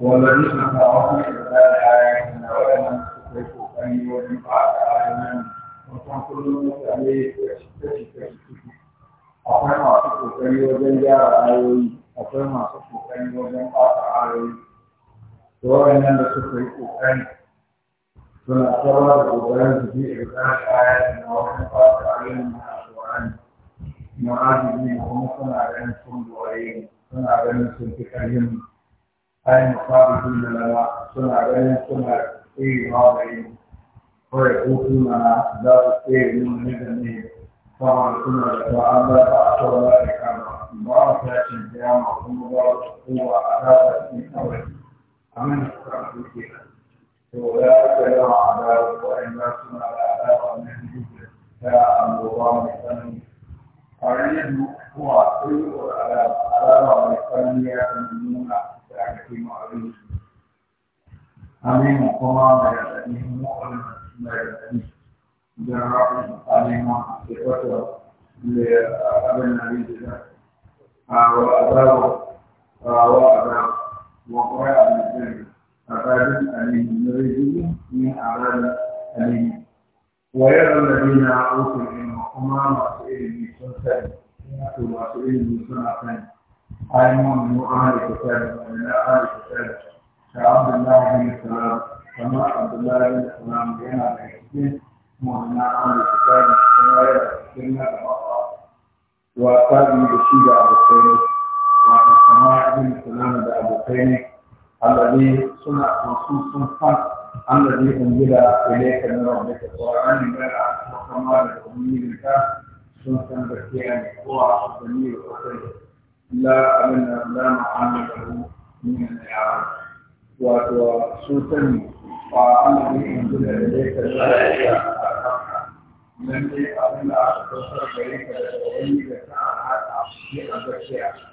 والذين تعرفوا إلى الآيات ولمن تكلفوا أن يوفق آيمان وتنقلوا عليه كشكشك akwai masu kokari wajen gyara ayoyi akwai masu kokari wajen ɓata ayoyi da waɗannan da suka yi kokari suna tsawon da kokarin su bi irkan ayoyi na wajen ɓata ayoyi na mu'azi ne kuma suna ganin sun doye suna ganin sun fi ƙarfin ayin musabihin da lama suna ganin suna tserewa da yi kawai ko suna za su tsere yin ne da ne kawai suna da ta'ala da asawa da kama ba a tashin jama kuma ba a kowa a rasa shi kawai amin da suka fi ke to ya aka yawa a dawo wa'in za suna da alaƙa na hijira ta annoba mai tsanani أعلم ويرى الذين أوتوا العلم kuma masu ilimi sun sani to masu ilimi suna sani ai mun mu ahli kitab na ahli kitab ta abdullahi bin salam kama abdullahi bin salam yana da cikin mu na ahli kitab kuma ya cikin na da wa tabi da shi da abokai ne wato kama ibn salam da abokai ne alladhi suna sun sun san الذي أنزل إليك من ربك القرآن بلى وكمال تأمينك سنة بكيان هو ضمير أخيه لا أمن لا محل له من الإعراب وسوسن الذي أنزل إليك من ربك لم يقبل أشخاص بريك لتغيير ساعات في البشر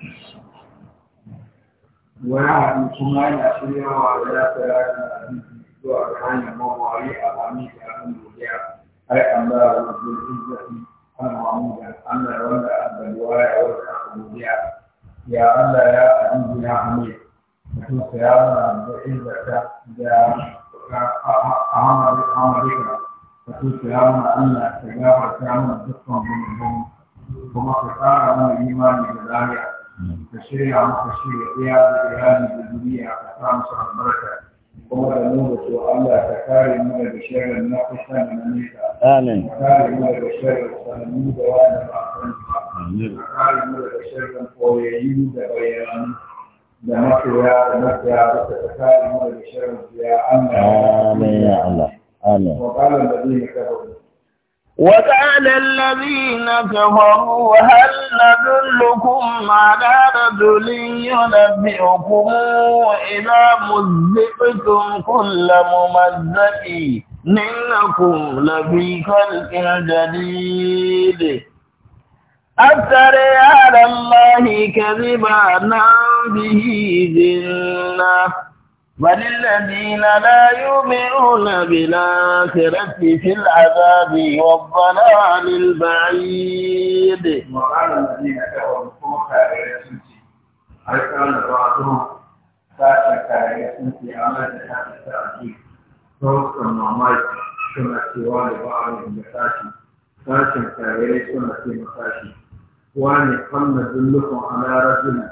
ويعلم كما يأتي وعلى ثلاثة وأكان مضاري العميد أن يرجع أي أنباء ذو العزة أن عميدا أن الولد أن الولاء والحق مرجع يا الله يا عزيز يا عميد نحن سيارنا بعزة يا أعمل أعمل فقلت يا من أن تجاهر كامل دقا منهم وما تقال من الإيمان بذلك فشريع مخشية إياد إياد بالدنيا فقام شهر بركة kuma ka nuna to Allah ka kare mu daga sharrin na kusa da na nesa amin kare mu daga sharrin sanannu da wanda ba san ba kare mu daga sharrin koyayyu da bayanannu da makiya da makiya da ka kare mu daga sharrin ya Allah amin ya Allah amin wa qala alladhina kafaru وقال الذين كفروا هل ندلكم على رجل ينبئكم إذا مزقتم كل ممزق إنكم لفي خلق جديد أكثر على الله كذبا نعم به جنة وللذين لا يؤمنون بالآخرة في العذاب والضلال البعيد وقال الذين كفروا أرسل بعضهم ساشا كاريسنتي على جهاز التأكيد فوق المعمال كما سوى لبعضهم بساشي ساشا كاريسنتي مساشي وأن قمنا ذلكم على رجل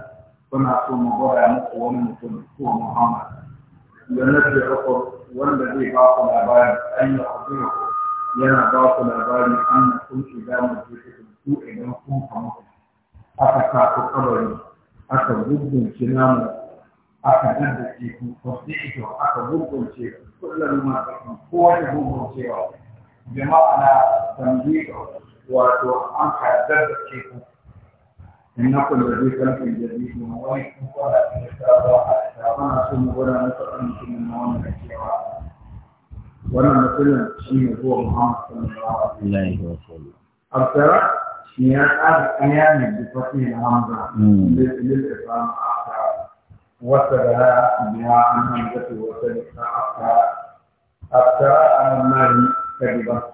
كنا قوم بها ومنكم منكم محمد da ينبئكم والذي باقوا العباد أن يخبركم yana ba ku labarin an kun shiga mutu su idan kun ku. aka sa ku kabari aka gudunce namu aka daddace ku kwafi ito aka gudunce ku kullum ma kan kowace guduncewa jama'a na tambayi wato an ka daddace ku إنكم الذي خلق الجديد من وين وأنا ثم ولا نتقنكم من وين wannan mutumin shi ne zuwa Muhammad sallallahu alaihi wa sallam. Abdara shi ya tsara ɗaya ne da fasi da Hamza lil Islam aka wata da biya an hamzatu wata da aka Abdara an mari kadiba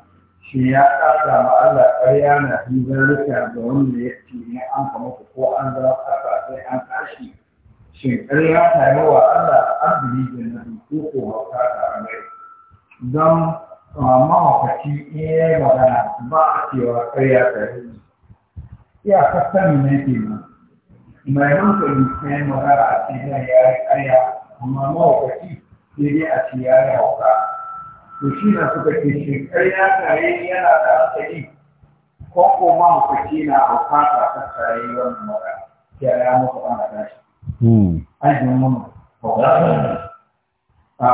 shi ya ƙasa ma Allah ƙarya na fi a ga wanda ya ce ne an kama ko an a ƙasa sai an tashi shin ƙarya ta yi wa Allah an biyu da na duku ko hauka ta amai don um, mahaukaci in ya yi magana ba a cewa ƙarya ta yi ya kasan ne ke ma mai hankali ta yi magana a cikin ya yi ƙarya amma mahaukaci sai dai a ce ya yi hauka to shi na suka ce shi ya kare ni yana da asali ko ko ma mutunci na bukata ta kare wannan magana ya ya muku ana gashi hmm. an ji mun a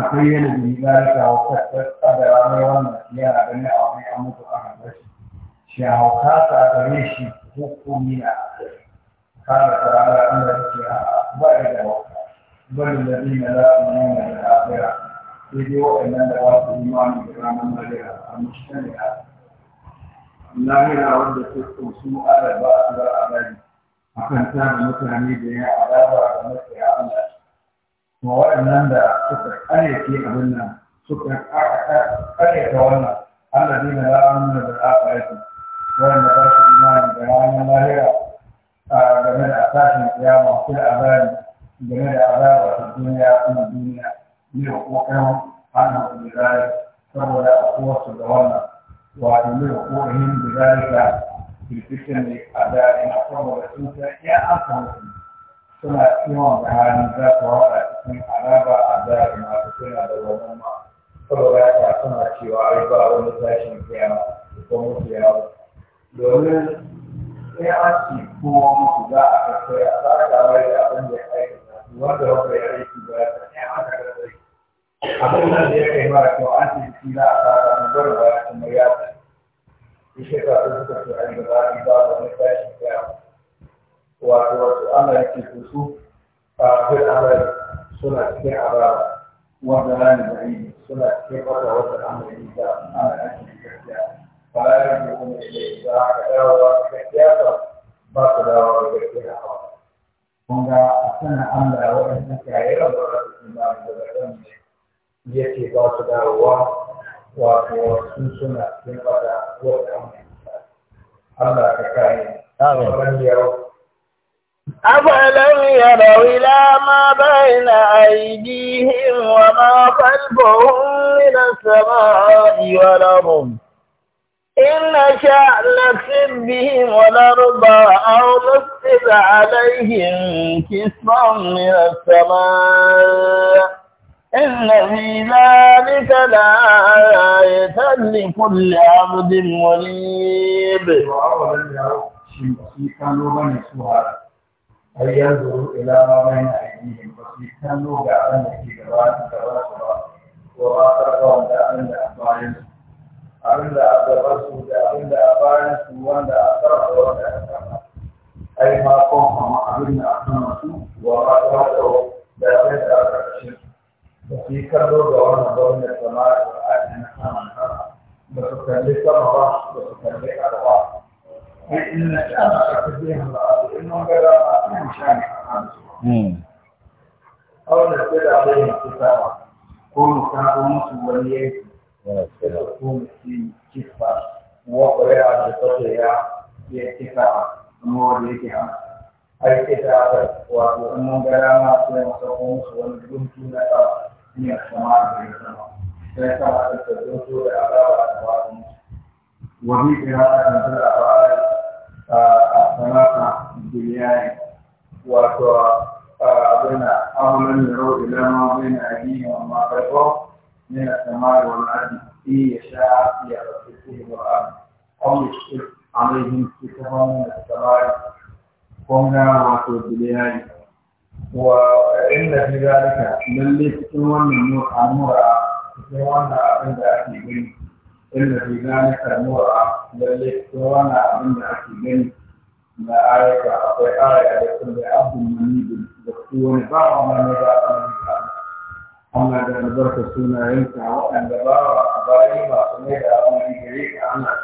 akwai yana da zai ga wata tsada mai wannan yana da ne a wani muku ana gashi shi a bukata gare shi hukumi na kana tsara an da ke ba ya da zai bal ladina la yu'minuna bil akhirah sai waɗannan da za su imani da ranar lahira a mushtaniya lahira wanda ta kunsu araba a tura arabi akan tara mutane da ya araba da matsaya Allah to waɗannan da suka ƙaryace abin nan suka ƙaryata wannan Allah ne na ra'amun da ra'ayatu wanda ba su imani da ranar lahira game da tashin kiyama sai arabi game da araba ta duniya kuma duniya mil kuɗin hannun of saboda a kowace da wannan wato mil kuɗin birane da firfikin ne a daɗi na saboda i san iya an samu suna ciwon da hali za su haɗa cikin alaba a daɗi masu suna da wannan I saboda I suna cewa ai ba wani tashin kiyama ko mutu So domin sai an ci kowa mutu got a kai a sa ka mai The abin da ya aikata wanda wanda ya aiki ba ya san ya aka abin nan da ya kai mara kyau an ce na a tsara na gwada ba kuma ya ce shi shekara sun suka ce an da za yi ba da wani tashi ya wato wato ana yake su su a kai abar suna cikin abar wanda na ne yi suna cikin wata wata amuri da ana yake gaskiya yi da kuma ile za ka dawo da gaskiya ba ka dawo da gaskiya ba kun ga a sanin an da wani suka yi rabuwa da su ba da wani yake أفلم يروا إلى ما بين أيديهم وما خلفهم من السماء والأرض إن نشاء نكسب بهم ونرضى أو نكسب عليهم كسفا من السماء إن في ذلك لآية لكل عبد مريب. أن أن أن منيب. أي ما قام أبينا أحمد وراءه دعوة الشيخ Jika doa doa nasional bersekerja bahwa bersekerja bahwa Indonesia bersekerja bahwa negara Indonesia hmm और नजर आ रहे हैं किसा कौन सा कौन सी वाली है कौन सी किस पर वो करे आज तो या ये किसा मोर ये क्या ऐसे क्या है वो आप उन गैर मास्टर मतलब कौन सी वाली गुम की ना هي السماء والسماء فيسعى هذا الفردوس بأعلى أسواق وفي قراءة مثل أفعال الثلاثة الدنياء وأبنى أولا يروا إلى ما بين أيديهم وما خلفهم من السماء والأرض إن يشاء في فيهم الأرض أو يشرك عليهم كتابا من السماء قمنا وأتوا بالله وإن في ذلك للي تكون المرأة مرأة تكون عند أكيدين إن في ذلك المرأة من تكون عند أكيدين لا آية آية لكل عبد منيب يكون بعض من المكان أما إذا ذلك السنة ينفع وأن دبارة أبائي ما سمعت أبني بريك عنها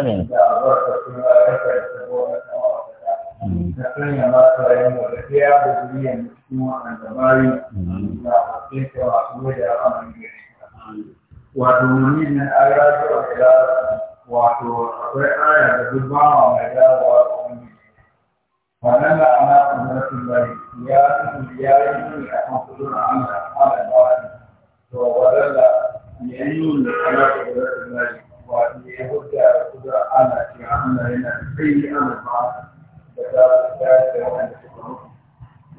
آمين إذا نظرت السنة da kan ya ba ta yin da ya da duniya da cikin wannan dabari da ake cewa kuma da amfani da wato mun ne a rayuwa da wato akwai aya da duk ba mai dawowa wannan da ana kuduratun bari ya yi ya yi nuni a kan kudura an da kwana da wani to wadar da ya yi nuni ana kuduratun bari wato ya hujja da kudura an da ke an da yana da kai an da ba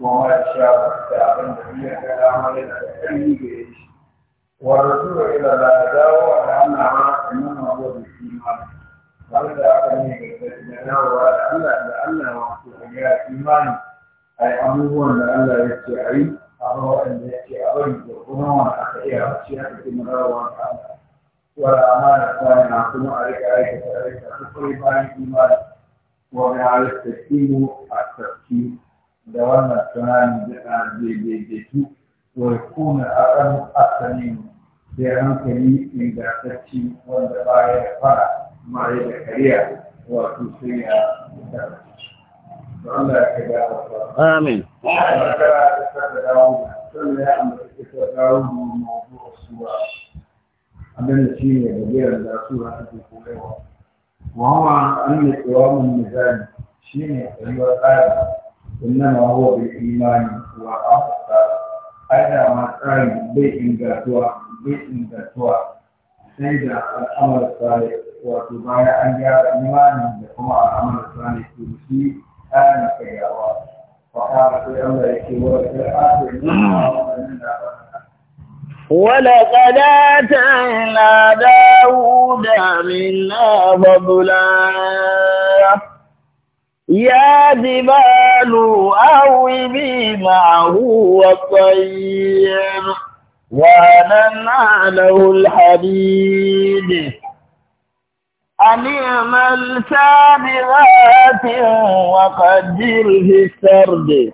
وما شاء استعمل فيها العمل التقليدي والرجوع الى الاداء وانها انما هو بالايمان فلذا اكلني بالتجنب لان لان وقتها ايمان اي امور لان لا يستعي اهو ان يستعي وهنا وانا اخيرا شيئا في مراوغ ولا امان الثاني نعقل عليك عليك عليك تقريبا ايمان wani halitta kimo a tafki da wannan tunanin da a daidaitu wai kuna a ɗan asali da hankali ingantacci wanda ba ya fara mai da kariya wato sai ya fita Amin. Amin. wawa an ne tsawa mun misali shi ne tsayuwar tsari inna ma huwa bi imani wa afata aida ma tsari bai ingantuwa bai sai da al'amar tsari wato bayan an gyara imani da kuma al'amar tsari to shi tsarin kayawa fa ka ce Allah yake wa ta'ala ne da ولقد آتينا داود منا فضلا يا جبال أوبي معه والطير وأنا له الحديد أن اعمل سابغات وقدر في السرد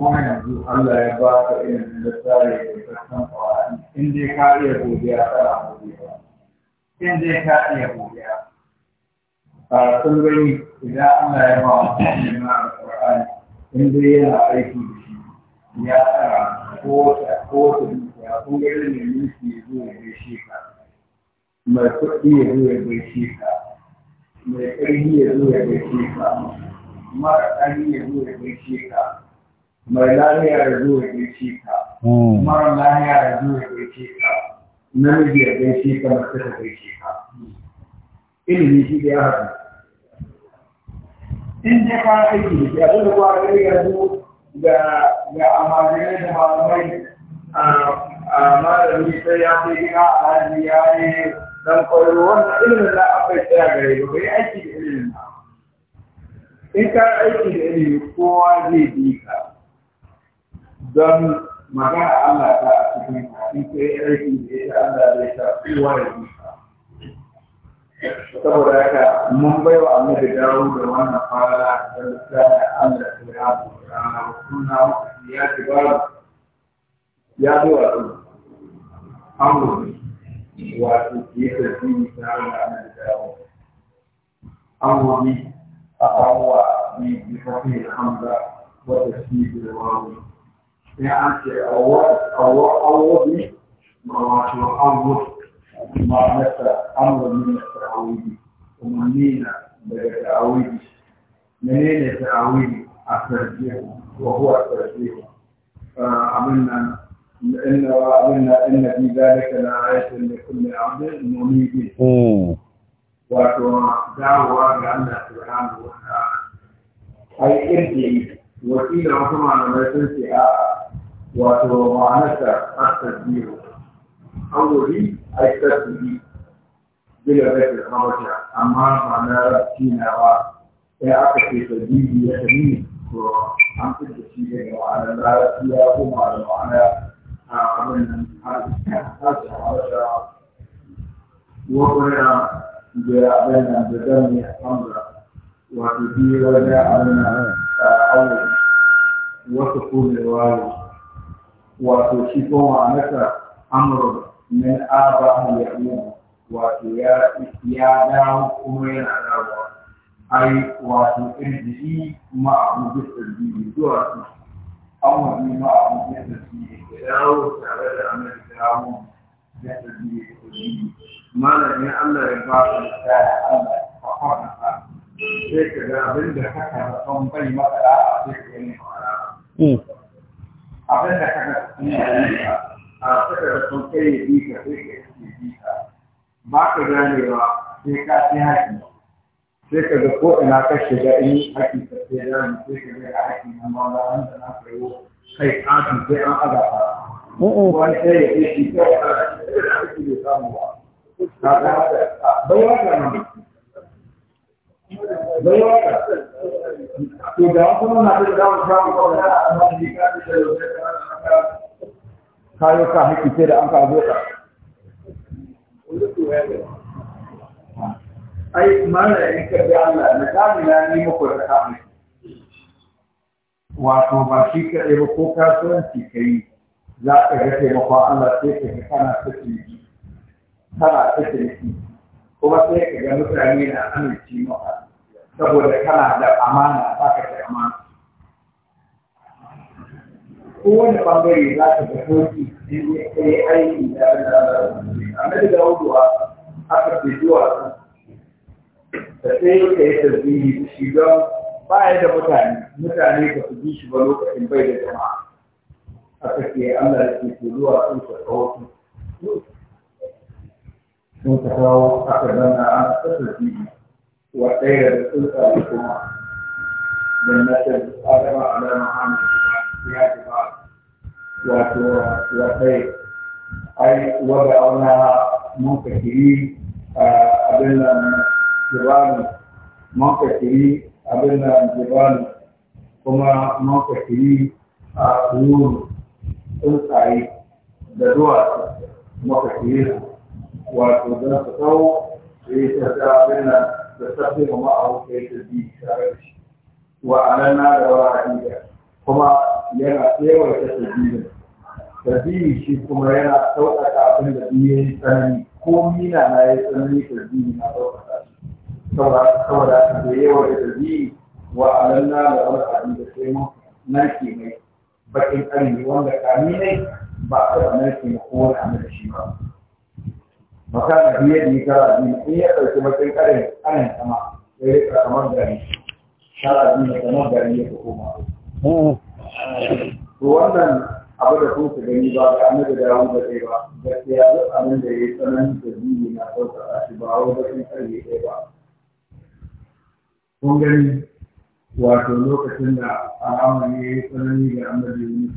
kuma yanzu Allah ya ba ka irin da tsari da kasan kwari in dai ka iya godiya tsara godiya in dai ka iya godiya a kun gani idan Allah ya ba mutum na alƙur'ani in dai yana aiki da shi ya tsara ko ta ko ta dukiya kun gani ne mulki ya zo ya gaishe ka mai kuɗi ya zo ya gaishe ka mai ƙarfi ya zo ya gaishe ka mara ƙarfi ya zo ya gaishe ka mai lafiya da zuwa gaishe ka hmm. mara lafiya da zuwa gaishe ka namiji ya gaishe ka mace ta gaishe ka ilimi shi da ya haɗu in ta ka aiki da abin da kwa gari yanzu ga ga amajirai da malamai a malami sai ya fi gina alhaji ya yi dan koyo wannan ilimin za da aka tsaya gare ba bai aiki da ilimin ba in ka aiki da ilimi kowa zai bi ka don magana Allah ta a cikin hadisai aiki da ya Allah zai ta kowa da bisa saboda haka mun bai wa annabi dawo da wannan fara da lissafin Allah ta ya buƙata suna ya ci babu ya zo a tsoro an wato ke tafi ta hanyar annabi dawo an gobe a awa ne bi kafin hamza wata shi da wawo sai an ce awwad ne ba wato awwad ma'anarsa amurin na ta'awudi umarni na daga ta'awudi menene ta'awudi a sarjiya wa huwa sarjiya abin nan إن وأظن إن في ذلك لآية لكل عبد منيب. ودعوة بأن سبحانه وتعالى أي ارجعي وكيل وكما لم يكن في ومعناتها التدبير حوري اي تدبير بلا ذات الرجع اما معناها فينا اعتقد تدبير يسمين وعم تدبير وعلى ما فيها وما المعنى قبل ان هذا الرجع وقرا بأبنى بدم حمراء وتدير بأبنى حول وتكون الوالد wato shi ko ma'anarsa amur min aba ya wato ya dawo kuma yana dawo ai wato irji'i ma abu bisa biyu zuwa su amma bi ma abu bisa biyu da dawo tare da amir dawo da biyu da biyu malamin Allah ya ba ka da Allah ka fara ka sai ka ga abin da haka da kan bai maka da sai ka yi ma'ana abin da kana tunaninka a saka da sun kai ya bi ka sai ka yi bi ka ba ka ganewa sai ka fi haƙi sai ka ga ko ina ka shiga in haƙi ka sai rami sai ka ga haƙi na mawala wanda na kayo kai ƙafi sai an aga ka wani sai ya ce shi kawai a da bai samu ba. Ka ga haka, bai haka nan. don da wasu muna da damar samun kawai a ka da ka haƙƙi sai da an ka ai mana in ka bi Allah na kami na ni muku da ba shi kaɗai ba ko kasuwanci ka yi za ka ga taimakon Allah sai ka kana ta ciniki kana kuma sai ka ga mutane na amince maka saboda kana da amana ba ka da amana kowane bangare za ka ga sauki in ya kai aiki da amma da wuduwa aka fi zuwa da sai ka yi tasbihi shi don baya da mutane mutane ka fi ji shi ba lokacin bai da jama'a aka ce Allah ya ke zuwa sun ka kawo sun kawo aka zana an kasa jini wa ɗaya da sun tsari kuma da na tabi adama alama hannun ya ji ba wato wa ɗaya ai wada auna mun kakiri abin nan jibani mun kakiri abin nan jibani kuma mun kakiri a wuri tsuntsaye da duwatsu muka kakiri wato don su tsawo da ya ta ta abin nan da sabbin ma ma'ahu ka yi ta bi tare da shi wa anan na da wa hadida kuma yana tsewaita tabbinin biyu shi kuma yana sauƙaƙa abin da biyu ya yi tsanani ko mina na ya yi tsanani tabbini na sauƙaƙa shi saboda ta da yawa da tabbini wa anan na da wa hadida sai mun ke mai baƙin ƙarni wanda kami ne ba a taɓa narke na kowane da shi ba makana biye da yi kara biyu in ya ɗauki matsayin ƙarin ƙarin sama sai rika kamar gari kara biyu kamar gari ya koma to wannan abu da kun ka gani ba ga annabi da yawo da kai ba gaskiya duk abin da ya yi tsanani da biyu na ɗaukar shi ba wani bakin ƙarfi ɗaya ba kun gani wato lokacin da al'amari ya yi tsanani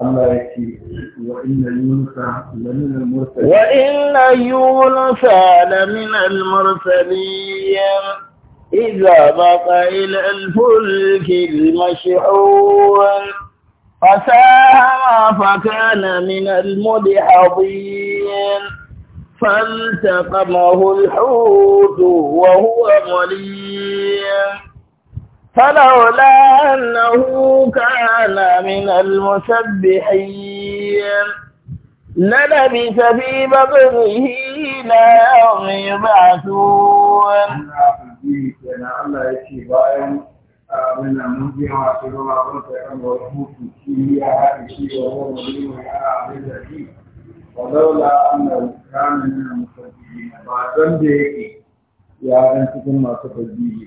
وإن يونس لمن المرسلين وإن يونس لمن المرسلين إذا بقى إلى الفلك المشحون فساهم فكان من المدحضين فالتقمه الحوت وهو مليم فلولا أنه كان من المسبحين للبث في بطنه لا يوم يبعثون ولولا أن كان من المسبحين ما يا أنتم ما تبجيه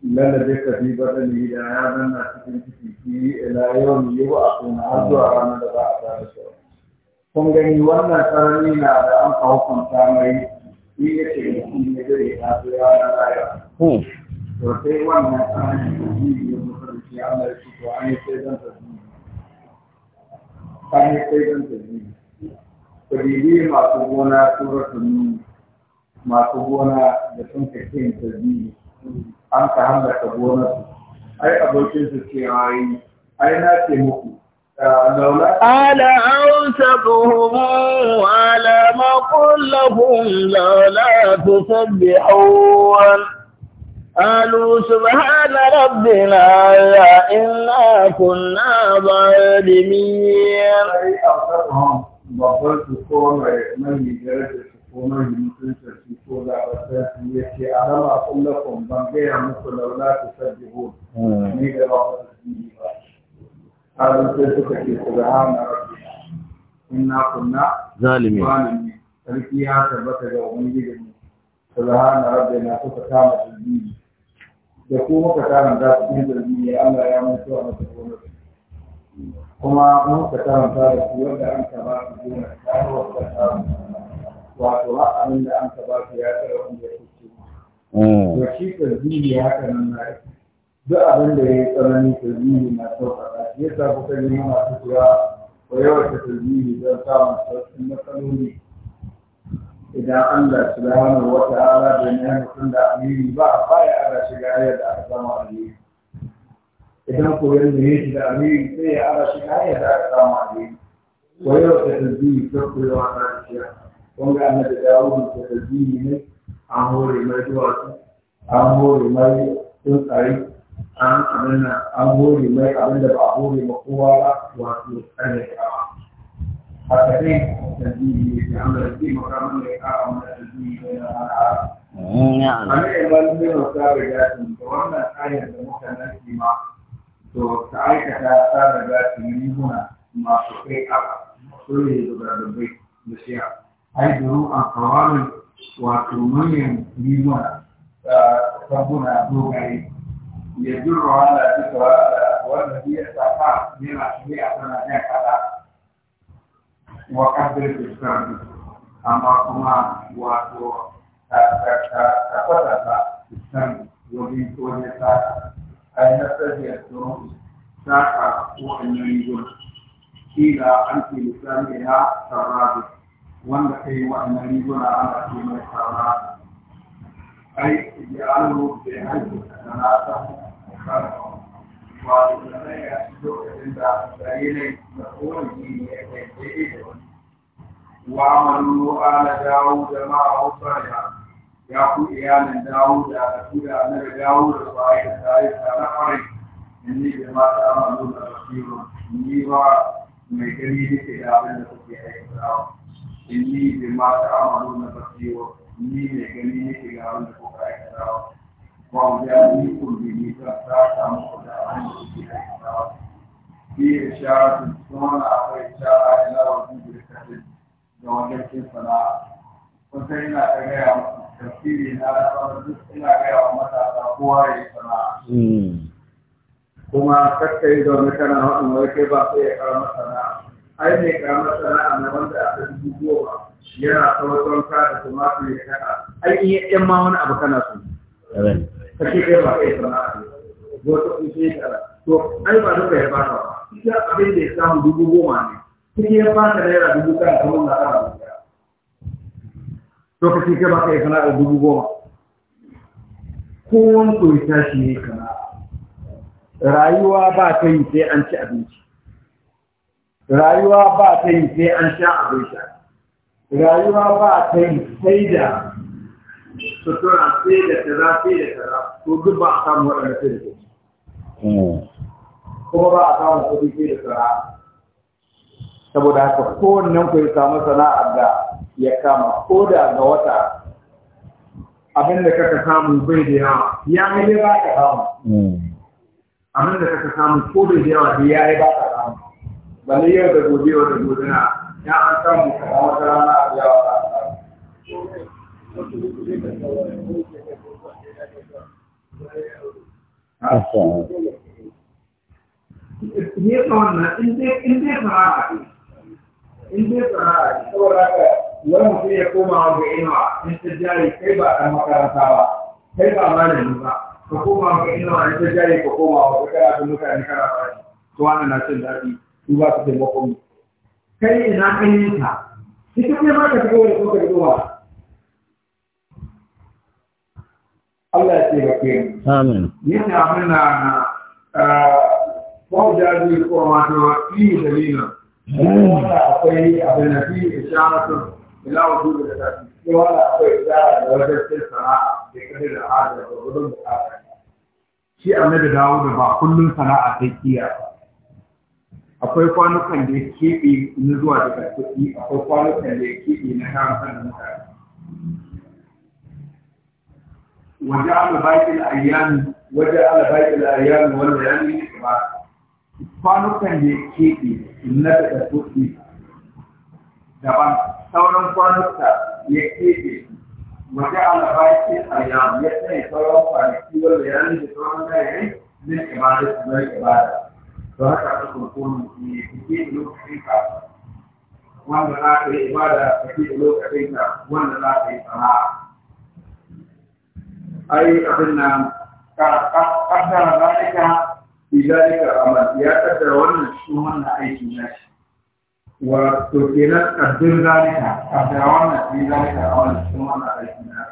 lalabe ka bi badani da ya zanna cikin ciki shi ila yawan yi wa a kuma har zuwa ranar da za a tare shi kun gani wannan sarari na da an ka hukunta mai shi ya ce mutum ne zai ya zo ya lalaya to sai wannan sarari da shi ya mutunci Allah ya ce to an yi sai zan tafi an yi sai zan tafi ku dibi masu gona suratul nun masu gona da sun kake yin tafi an ka gonarsu ai abokinsu ai na muku أوسطهم على ما قل لهم لولا تسبحون قالوا سبحان ربنا يا إنا كنا ظالمين. أي أوسطهم بطلت من kuma mutuncin su ko da wasan su ya ce a rama kullakun ban gaya muku laula ta sabbi ho hmm. ni da ba ku sani ba kazan sai suka ce su ga rabbi in na kunna zalimi sarki ya tabbata ga ubangiji mu su ga hana rabbi na suka kama jirgi da ko muka kama za su yi jirgi ne ya mutu a masa kuma muka kama ta da wanda an taba su gona ta yi wa ta kama wato ba abin da an ka ba su ya tsara wanda ya kuce mm. to shi tarbihi haka nan na yi duk abin da ya yi tsanani tarbihi na sauƙaƙa shi sa kuka yi mana fitowa ko yawaita tarbihi don samun sauƙin matsaloli idan Allah subhanahu wa ta'ala bai nemi mutum da amiri ba baya ana shiga yadda aka a amiri idan ko yanda yake da amiri sai ya ana shiga yadda aka samu amiri ko yau da tarbihi ta koyawa ta shiya wanda ana da dawo da tasiri ne an hore mai duwatsu an hore mai tsuntsaye an amina an hore mai abin da ba a hore ma kowa ba wato kare kawa haka ne tasiri ne da an da ke makamun da ya kawo mana tasiri ne na hana Ana yi malamin wasa da gashin da wannan kayan da muka nasi ma to ta aikata tsara gashin riguna masu kai aka kulle da da shiya. ai duru an kawarin wato manyan limon sabuna dogaye ya da wanda duka wanda biya saka yana shirya a tana jan kada wa kaddar fiskar amma kuma wato ta kwatanta fiskar wajen wajen saka ai na tsajiyar tsoron saka ko annan yi gona kila an ke misali na sarrafa wanda ka yi waɗannan riguna ana ce mai saura ai ijalo da ya haifu sanata karfa wato da zai ya ci lokacin da tsaye ne da kowane gini ya kai yi da wani wa amalu ala dawo da ma'a da ya ku iyalin dawo da su da na da dawo da su a yi ta na kwarai in ni da ta amalu da basiru ni ba mai gani nake da abin da kuke aikatawa inni bi ma ta'amalu na basiwa ni ne gani ne ke ga wanda ko ka aikatawa wa mu ja ni kun bi ni ta ta samu ko da an ko ke aikatawa bi isharatu sunna akwai ishara ila wa bi da kadin da wajen cin sana'a kusan ina ta gaya tafsiri na da duk ina gaya wa matasa kowa ya yi sana'a hmm. kuma kakkai zaune kana wa'in wai kai ba sai ya karama sana'a ai ne karamar sana'a na wanda aka dubu goma yana sauran ka da ya ai in yi ma wani abu kana so ka ce kai ba kai sana'a ne ba duka ya ba ita abin da ya samu dubu goma ne tashi ne kana rayuwa ba ta yi sai an ci abinci rayuwa ba ta yi sai an sha abin sha rayuwa ba ta yi sai da sutura sai da tara sai da tara to duk ba a samu waɗanda sai da kuɗi kuma ba a samu kuɗi sai da tara saboda haka kowannen ku ya samu sana'ar da ya kama ko da ga wata abin da kaka samu bai da yawa ya yi ba ka samu hmm. abin da kaka samu ko bai da yawa ya yi ba ka bani yau da gobe wa da gobe na ya an samu kamar wata rana a biya wa Ne wannan in na in dai fara in dai fara saboda haka wani mutum ya koma ga inuwa in ta jari kai ba ɗan makaranta ba kai ba malami ba ka koma ga inuwa in ta jari ka koma wa ka karatu mutane kana fara to wannan na cin daɗi su ba su taimakon mu kai ina kai yi ta ita ma ka shigo da kuka zuwa Allah ya taimake mu amin yana muna ko da ji ko ma to yi dalilin wanda akwai abin da fi isharatu ila wujudu da tafi ko wanda akwai da wajen sai sana'a da kare da hada da gudun bukata shi annabi dawo da ba kullun sana'a sai kiyaye akwai kwanukan da ya keɓe na zuwa daga kuɗi akwai kwanukan da ya keɓe na haramta da mutane waje ala baƙil ayyami waje ala baƙil ayyami wanda ya ne ba kwanukan da ya keɓe na daga kuɗi daban sauran kwanuka ya keɓe waje ala baƙil ayyami ya tsaye sauran kwanaki wanda ya ne da sauran kayayyaki zai ibada su zai ibada فهذا عندكم في كثير من الحقيقة وأن لا في عبادة كثير من الحقيقة وأن لا في صلاة أي أبنا قدر ذلك في ذلك الأمر يا قدر وأن الشمال أي شمال وتركنا قدر ذلك قدرنا في ذلك أولا ثم علينا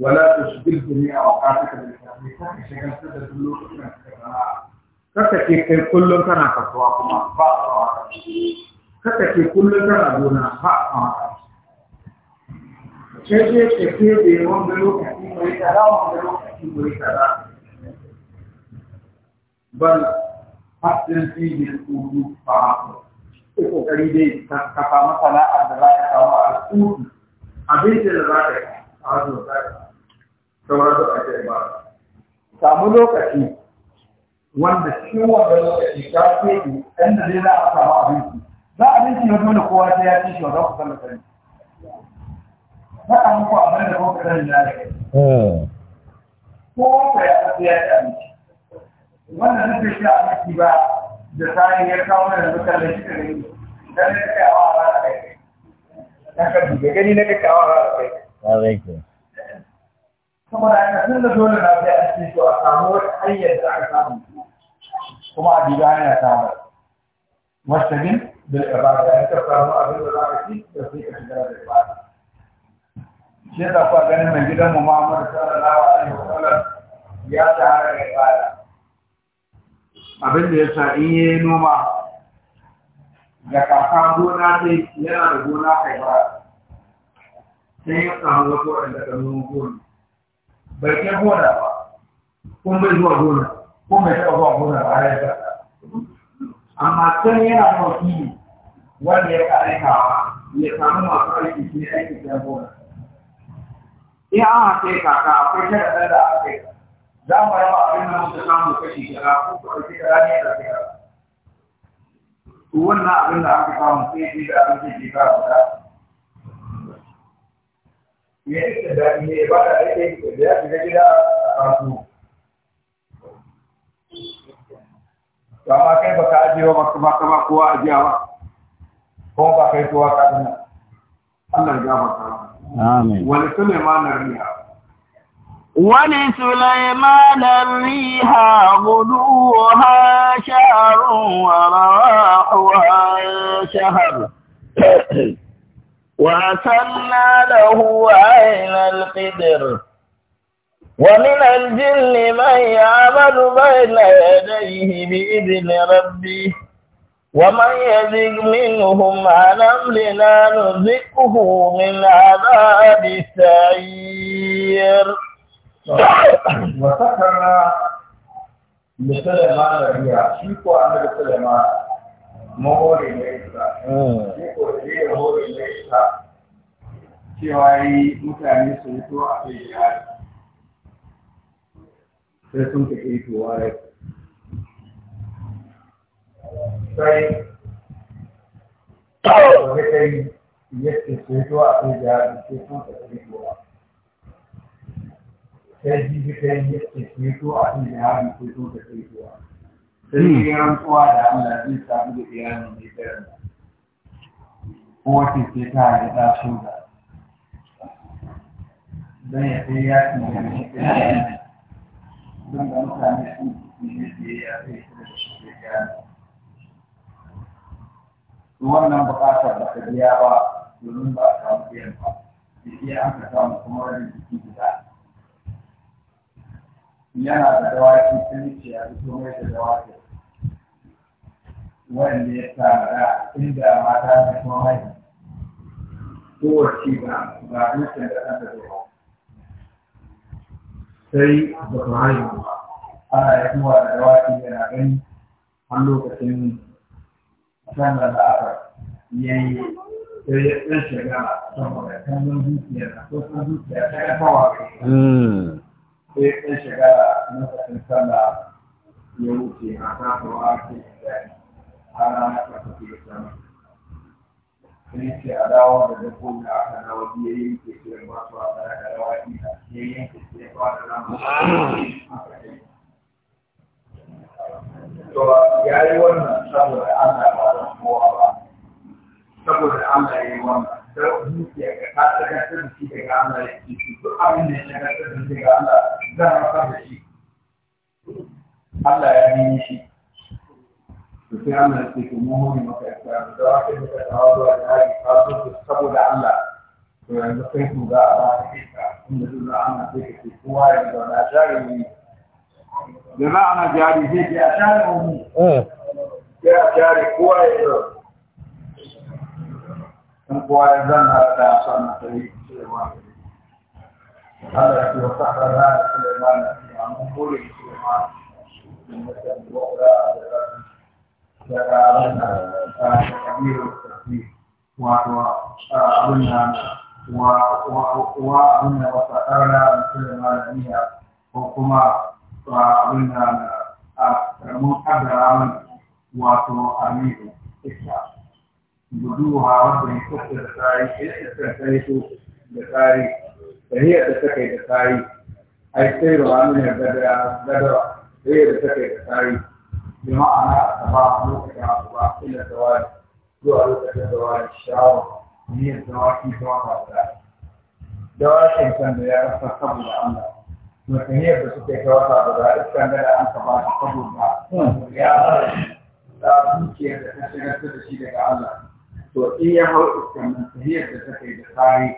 ولا تشغله في أوقاتك بالتحديث شكلت تدلوك من الكلام kaka ke kai kullum kana kasuwa kuma ba a kawa kaka ke kullum kana gona ba a kawa sai dai ke ke da yawan da lokaci mai tara wanda lokaci mai tara bal hasin fiye kudu ba ko kokari dai ka samu sana'ar da za ka samu al'udu Abin da za ka yi a wajen sauran da ake ba samu lokaci wanda cikin wannan lokaci ka fede ɗan da zai za a samu abinci za abinci ya dole kowa sai ya ci shi wanda ku san da sani za a muku abin da kuka sani na da kai ko ku ya fi ya ci abinci wanda nufin shi a abinci ba da sani ya kawo da mutane shi da rai dan da a awa ba da kai na ka duka gani na kai awa ba da kai ba zai ke saboda haka tun da dole na sai a ci shi a samu wata hanyar da aka samu kuma a diga yana samar mastagin bil ibada in ka samu abin da za ka ci da sai ka shiga da ibada shi yasa kuwa ganin mai gidan mu Muhammad sallallahu alaihi wasallam ya shahara da ibada abin da sa in yi noma da kaka gona sai yana da gona kai ba sai ya samu wasu waɗanda ɗan noma gona bai kai gona ba kuma bai zuwa gona ko mai taɓa zuwa gudun rayar da amma can yana mafi wanda ya ka aikawa ya samu masu aiki shi aiki ta gona in an hake kaka akwai kada ɗan da aka yi za mu raba abin da muka samu kashi shara ko ku ɗauki da rani da kai to wannan abin da aka samu sai ya fi da abin da ke fara guda ya yi da daɗi ne ba da ɗaya da ya fi da gida a kasuwa to amma kai baka ajiye ba kama kowa ajiyawa. ko ba kai kowa ka dinna Allah ya gafarta amin wa li sulaiman riha wa li sulaiman riha guduha sha'run wa rawahuha shahr وأسلنا له عين القدر ومن الجن من يعمل بين يديه بإذن ربه ومن يزغ منهم عن أمرنا نزقه من عذاب السعير وسكن لسليمان ربيع شيكو عمل سليمان مهوري ليس شيكو ربيع مهوري ليس cewa yi mutane su sai sun ka ke tuwa rai sai wani kai yake ceto a kai jihadi sai sun ka ke tuwa sai jibi kai yake ceto a kai jihadi sai sun ka ke tuwa sai yi rantsuwa da Allah zai samu da iyalin mai tsarin ko wace ce ta hanyar ta shuga don ya sai ya ci da shi wannan bukatar da ta biya ba domin ba a samu biyan ba jiki an ka samu kuma wani jiki guda yana da dawaki sun ce a fito mai da dawaki wanda ya da inda mata da kuma mai kowace ba ba dukkan da ta da ba. sai ba su ana ya kuma da yawa yana gani har lokacin sanar da aka yayi sai ya ɗan shagala saboda kallon zuciya na ko kuma zuciya ta ya fawa hmm. sai ya ɗan shagala lokacin sallah ya wuce a kasawa ke da ana ya kasawa ke da sai a dawo da dabbobi da aka na wani ya yanke shi ba su a tsara da rawa ita ya yanke shi ba fara rama to ya yi wannan saboda Allah ba da kowa ba saboda an da yi wannan don zuciya ka ta shagaltar da shi daga Allah ya ci shi abin da ya shagaltar da shi daga Allah zan rasa da shi Allah ya yi shi وفعلا في همومهم وكأسامتهم وكأسامتهم وكأسامتهم وكأسامتهم saboda Allah to yanzu kai ku ga a hakika inda duk za ana sai ke kowa ya ga na jari ne da za ana jari zai ke a jari mu sai a jari kowa ya ga dan kowa ya zanna da sana sai cewa Allah ya wa sahara Sulaiman ya mun kore Sulaiman da mutan da da da abin da tafi wato wa da malamiya ko kuma abin da a karamin ƙaddara mana wato guduwa da da da da da da da da بمعنى الصباح ممكن الصباح إلى الزواج دول إلى زواج الشعر من الزواج في زواج الثاني زواج كان يعرف قبل أن وتهيئ بسيطة وضع بذلك كان لا أن صباح قبل ما يا لا ممكن أن تشتغل في شيء لك to in ya hau iskannan tahiyar da ta kai da tsari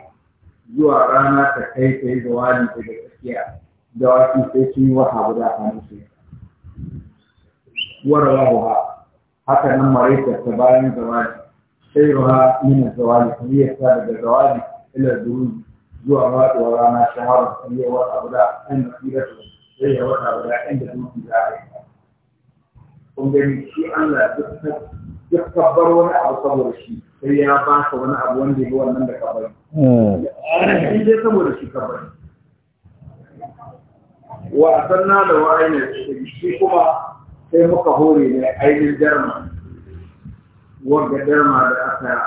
zuwa rana ta kai ta yi zawali daga tsakiya da wasu sai sun yi wata guda a musu ورواها حتى لما رأيت التباين زواج خيرها من الزواج هي سبب الزواج إلى الدروج جوعها ولا ما شهر هي وأبداء أن في رجل هي وأبداء أن دروج زعيمها ومن شيء أن لا يكبر ولا أبصر شيء هي أبان فأنا أبوان اللي هو من الكبرين إن لا يكبر آه. شيء كبرين وأتنا لو أين الشيء كبر sai muka hore ne ainihin darma wanda darma da aka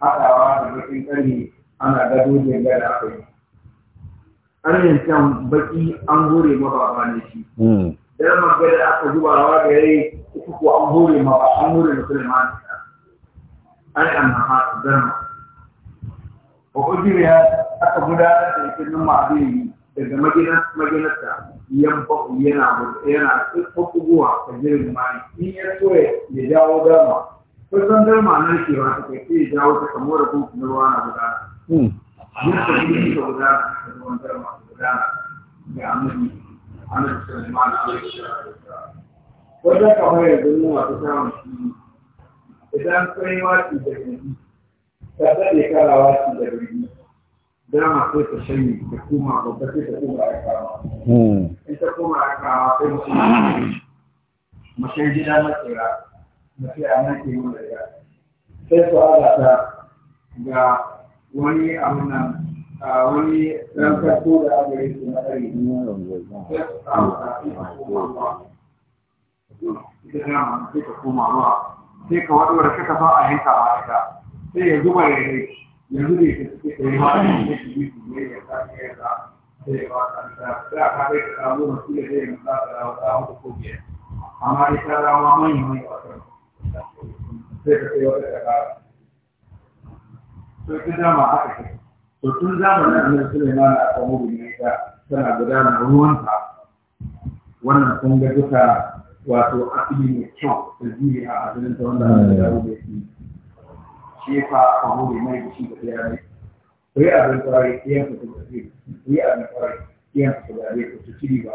haɗawa da bakin ƙarni ana gado jenga da aka yi ƙarnin can baki an hore mababa ne shi hmm. darma gada aka da ga yayi ita ko an hore ma ba an hore na Suleiman an an ha darma wa ujriya aka gudanar da ita nan ma'abiri daga maginarsa yan baku yana yana tsakkuguwa ta jirin mani in ya so ya jawo dama kusan dama nan ke ba ta kai ya jawo ta kamo da kuma kuma ruwa na gudana yin ta yi ta gudana ta ruwan dama gudana ga annabi annabi sulaiman alaihi salatu wajen kamar yanzu mu masu samun shi idan kai waki da gari ka daɗe kana waki da gari dama sai ta shanyi ta koma babba sai ta koma a kawa. Hmm. In ta koma a kawa sai mutum mashin gida na tsira na sai a nan ke mun da Sai su haɗa ga wani abu nan wani ɗan karko da aka yi su na ɗari. Sai su samu ta sai ta koma ruwa. Ita dama sai ta kuma ruwa. Sai ka waɗuwar kaka ba a yanka a ita. Sai ya zuba ya yi. yanzu ne ka da yi ya sa ya ba ka masu da masa da ko biyar amma manyan sai dama tun zamanin annabi Sulaiman a kan mugun ne ta tana gudana ruwanta wannan sun duka wato asili mai kyau da jini a asalin ta wanda annabi Dawud ya shi ya fa kawo mai mai shi da ya ne ku abin kwarai iyan ku kuma zai abin kwarai iyan ku kuma zai ku ci ba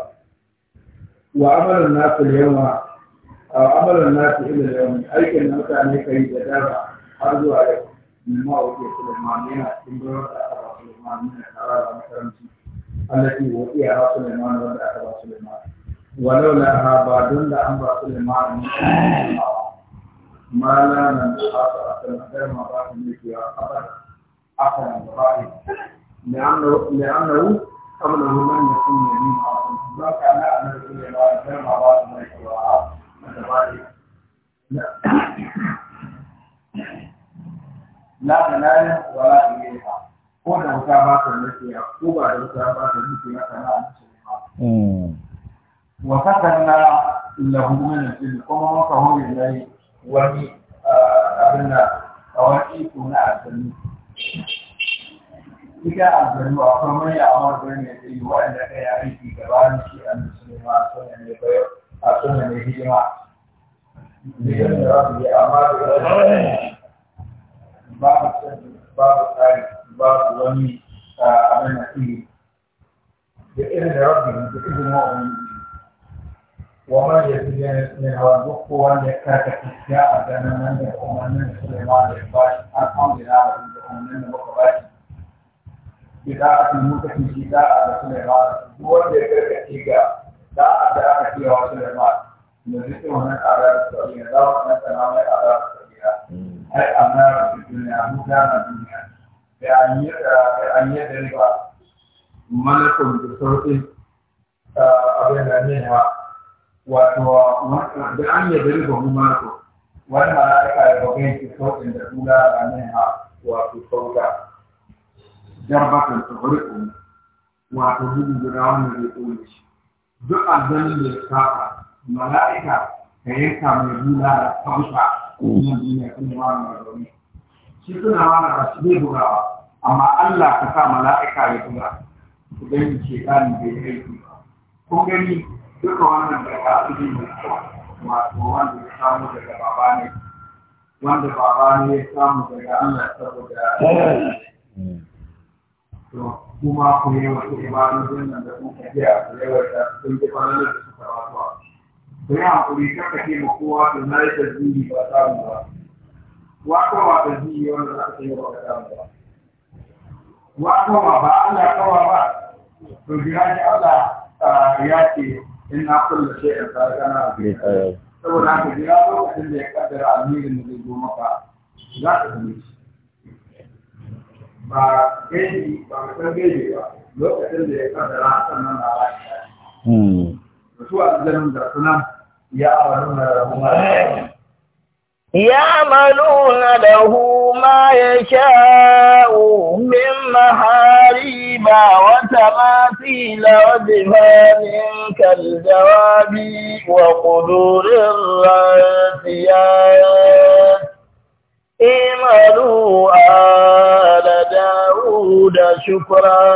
wa amalan nasu da yawa a amalan nasu ila da yawa aikin na mutane kai da dama har zuwa yau min ma wuce da yana cikin gurin da aka ba Sulaiman yana tara da makaranci التي وقيها سليمان ولا أتبع سليمان ولولا هذا دون أن سليمان من ما لا نتحاق غير مباح الملك أبدا أحد المباحث لأنه لأنه قبله لم يكن يمين عاصم ما كان أمر إلى غير مباح الملك أبدا لا منايا ولا إليها هنا متابعة الملكية كوبا متابعة الملكية كما وفتنا له من الفيلم كما وصفه إليه wani abin da a wani iko na aljanu cikin a akwai manya a wani ne da yi waɗanda ka yi aiki gabanin shi a musulma a sunan ne bayo a sunan ne hidima zikin da rabu ya amma da Ba babu sani babu tsari babu wani abin da iri da irin da rabu da izin wa'ani وما يزيد منها الرق وان يكاد الاشياء دنا من يقوم من سليمان الباش الحمد لله الذي يقوم من وقباش إذا الملك في إذا سليمان دون ذكر كتيجا دا أدرى كتيجا سليمان نزلت هنا على السعودية دا وأنا سلام على السعودية هل أمنا في الدنيا مدام الدنيا بأن يدرى بأن يدرى ملك بصوت أبنى منها wato da an yi bari ba mu mako wani mala'ika da ba gai ke sauƙin da kula a nan ha wato sauka jarbatun tsohon wato gudu guda wani da ƙone shi duk aljanin da ya saka, mala'ika ka yanka mai bula da sauka yin duniya kuma ma mai rauni shi suna wani rashi bai bugawa amma Allah ka sa mala'ika ya buga ku gani shekaru bai aiki ba kun gani duka wannan da tasiri ne wato wanda ya samu daga baba ne wanda baba ne ya samu daga Allah saboda to kuma ku yi wasu ibadun nan da kuka biya ku yawaita sun ji kwanan da suka wato ku yi hankuri kaka ke ma kowa da na yi tasiri ba samu ba wakawa da ji wanda za ka yi wa ka samu ba wakawa ba Allah kawa ba to jira Allah ah, ya ce إن كل a فكان في saboda haka jira lokacin da ya kaddara almirin da zai goma maka za ka zama shi ba gaibi ba mutum gaibi ba lokacin da ya kaddara sannan na ba shi hmm. da su a zanen da sunan ya awa nuna rahama يعملون له ما يشاء من محاريب وتماثيل وجفان كالجواب وقدور الراسيات اعملوا آل داود شكرا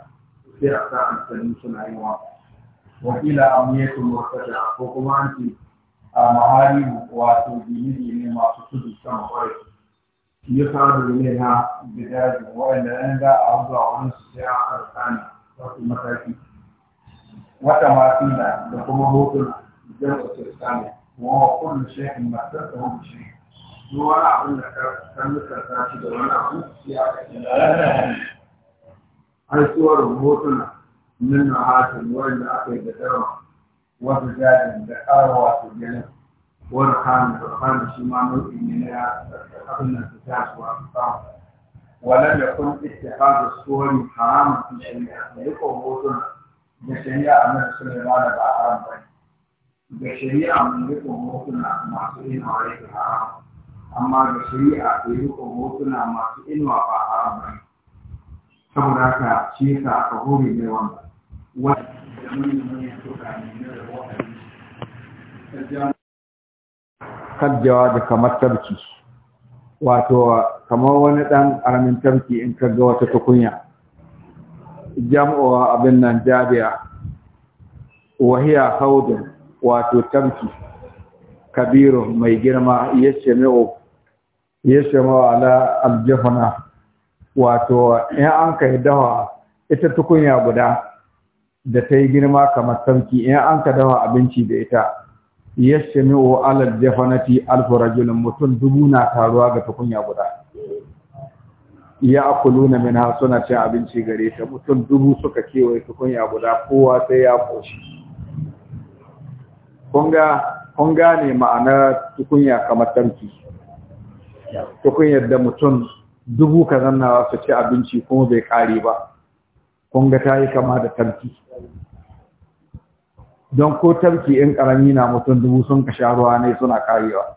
sai a sa suna yi wa wakila amiyatu murtada ko kuma an ce a mahari wato gini ne masu tudu sama kwarai ya faru ne na gidaje wa'anda yan za a hau zuwa wani su sai a karkani wasu mataki wata masila da kuma hotuna jama'a kirkani wa kullum shekin masu tsawon shi duk wani abin da ka kan nuka shi da wani abu ya kasance har tsoron hotuna min na hatin wanda aka yi da darwa wata jajin da karawa su gani wani hannun da hannun shi ma nau'i ne na abin nan su tasowa su samu wala da kun istihadu tsoron haramun su shari'a da rikon hotuna da shari'a a nan su da ba a haram ba da shari'a mun rikon hotuna masu yin harai da haram amma da shari'a da rikon hotuna masu inuwa ba haram ba saboda haka shi yasa aka hore mai wanda kajjawa da kamar tarki wato kamar wani ɗan ƙaramin tarki in kaga wata tukunya jam'uwa abin nan jabiya wahiya haudun wato tarki kabiru mai girma ya shami'o ala aljihuna. wato in an ka dawa ita tukunya guda da ta yi girma kamar sarki in an ka dawa abinci da ita o alal jafanati alfu rajulin mutum dubu na taruwa ga tukunya guda ya akuluna min ha suna cin abinci gare ta mutum dubu suka kewaye tukunya guda kowa sai ya koshi Kunga ne ma'ana tukunya kamar sarki, tukunyar da mutum dubu ka zannawa su ci abinci kuma bai kare ba kun ga ta yi kama da tarki don ko tarki in karami na mutum dubu sun ka sha ruwa ne suna karewa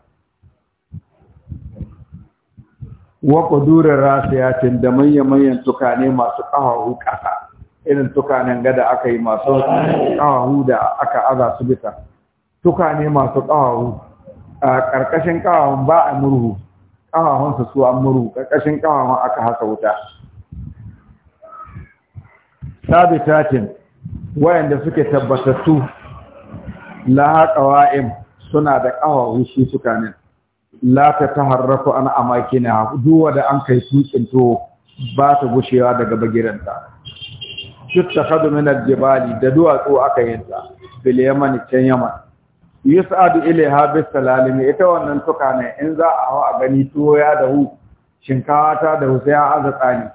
wa ya ce da manya-manyan tukane masu ƙahahu ƙasa irin tukanen gada aka yi masu ƙahahu da aka aza su bisa tukane masu ƙahahu a ƙarƙashin ƙahahun ba a murhu ƙawawansa su an muru ƙarƙashin ƙawawan aka hasa wuta sabitatin wayanda suke tabbatattu laha ƙawa'im suna da ƙawawu shi suka ne, la ta harrafa an amakina duwa da an kai tukin to ba ta gushewa daga bagiranta ta kadu minar Jibali da duwatsu aka yanta bil yaman can yaman yus'adu ilaiha bis salalimi ita wannan tuka ne in za a hawa a gani tuwo ya dahu shinkawa ta hu sai an aza tsani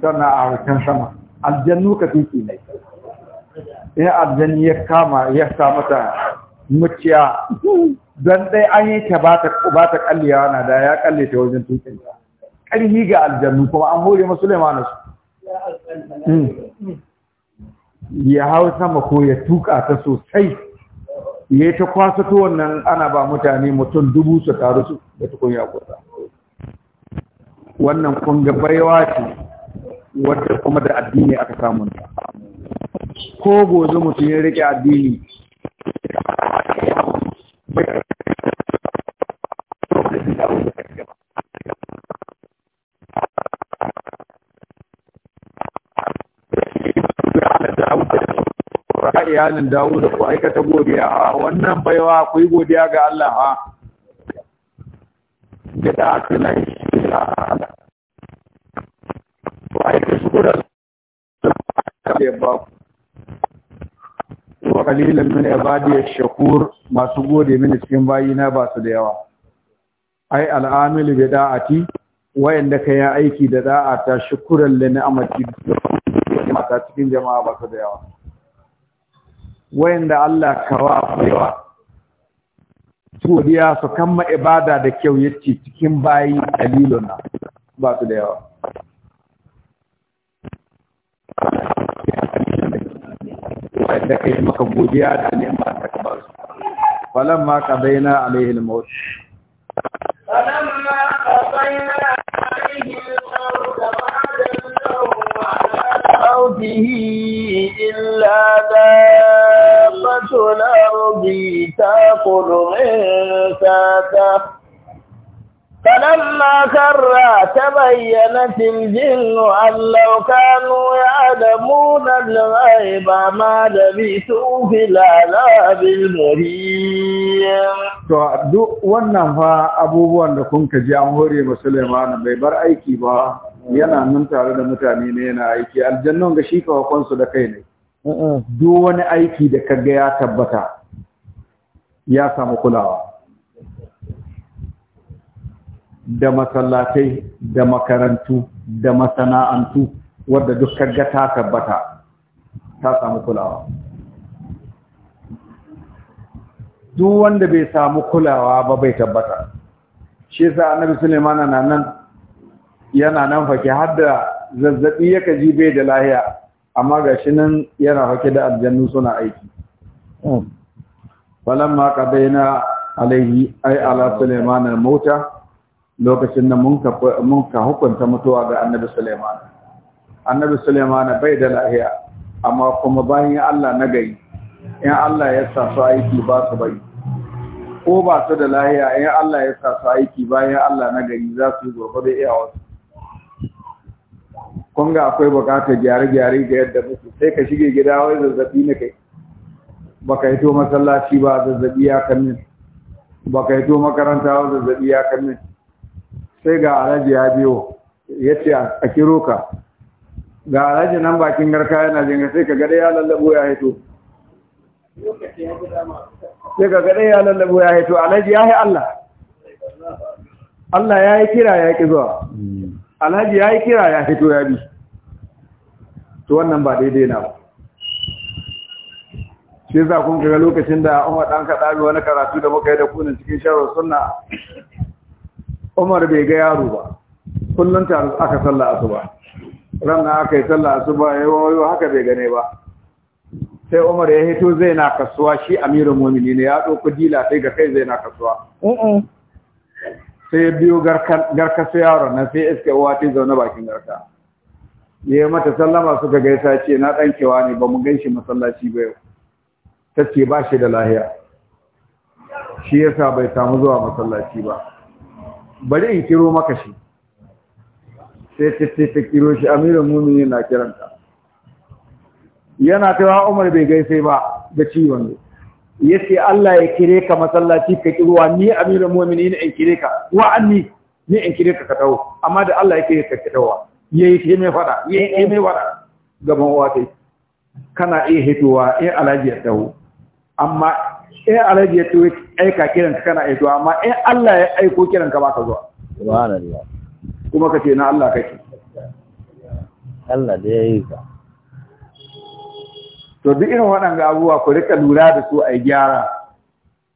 sannan a hukun sama aljannu ka tuki ne in aljanni ya kama ya sa mata muciya don dai an yi ta bata bata kallewa na da ya kalle ta wajen tukin ta ƙarfi ga aljannu kuma an hore musulmanu su hmm. ya hau sama ko ya tuka ta sosai ya ta kwasato wannan ana ba mutane mutum dubu su taru su da tukun ya kusa wannan kunga baiwa ce wadda kuma da addini aka samun ta ko gozo mutum ya rike addini ala Dawud da ha iyalin Dawud ku aikata godiya a wannan baiwa ku yi godiya ga Allah ha da da aka nan shi ala ku aikata shukura ya ba wa qalilan min ibadi shakur masu gode mini cikin na ba su da yawa ai al'amil bi da'ati wayanda ka yi aiki da da'a ta shukuran li ni'amati ta cikin jama'a ba su da yawa wayanda Allah kawa yawa godiya su kamma ibada da kyau yace cikin bayi dalilun ba su da yawa da kai maka godiya da neman da ka ba su falamma qadaina alaihi al-maut falamma qadaina به إلا دابة الأرض تأكل غنساته فلما كرى تبينت الجن أن لو كانوا يعلمون الغيب ما لبثوا في العذاب المهين تو دو ونفا fa بوان da kun ka بيبر an hore yana nan tare da mutane ne yana aiki aljannan ga shi kawakonsu da kai ne duk wani aiki da kaga ya tabbata ya samu kulawa da masallatai da makarantu da masana'antu wadda duk kaga ta tabbata ta samu kulawa duk wanda bai samu kulawa ba bai tabbata shi sa annabi suleiman na nan yana nan fake har da zazzabi yaka ji bai da lahiya amma ga shi nan yana fake da aljannu suna aiki falamma qadaina alaihi ai ala Suleiman al-mauta lokacin da mun ka hukunta mutuwa ga annabi suleiman annabi suleiman bai da lahiya amma kuma bayan Allah na gari in Allah ya sa su aiki ba su bai ko ba su da lahiya in Allah ya sa su aiki bayan Allah na gari za su yi gobe da iyawarsu kun ga akwai bukatar gyare-gyare ga yadda muke sai ka shige gida wai zazzabi na kai Ba yi hito masallaci ba zazzabi ya Ba ka hito makaranta ba zazzabi ya kannin sai ga alhaji ya biyo ya ce a kiro ka ga alhaji nan bakin garka yana jin sai ka gada ya lallabo ya hito sai ka gada ya lallabo ya hito alhaji ya yi Allah Allah ya yi kira ya ki zuwa alhaji ya yi kira ya fito ya bi to wannan ba daidai na ba shi za kun kaga lokacin da Umar ɗan ka bi wani karatu da muka yi da kunan cikin shawar suna Umar bai ga yaro ba kullum ta aka sallah asuba ranna aka yi sallah asuba yayi wayo haka bai gane ba sai Umar ya hito zai na kasuwa shi amirul ne ya dauko dila sai ga kai zai na kasuwa sai biyo garka su yaro na sai iske uwa ta zaune bakin garka ya yi mata sallama suka gaisa ce na ɗankewa ne ba mu gan shi masallaci ba yau ta ce ba shi da lahiya shi yasa bai samu zuwa masallaci ba bari in kiro maka shi sai ta ce ta kiro shi amirin mumini na kiranta yana ta umar bai gaisai ba da ciwon ne yace Allah ya kire ka masallaci ka kirwa ni amirul mu'minin in kire ka wa anni ni in kire ka ka dawo amma da Allah ya kire ka ka dawo yayi ke mai fada yayi mai fada gaban uwa kai kana iya hitowa eh alaji ya dawo amma eh alaji ya tuwe aika kiran ka kana iya amma eh Allah ya aiko kiran ka ba ka zuwa subhanallah kuma kace na Allah kake Allah da yayi ka to duk irin waɗanda abubuwa ku rika lura da su a gyara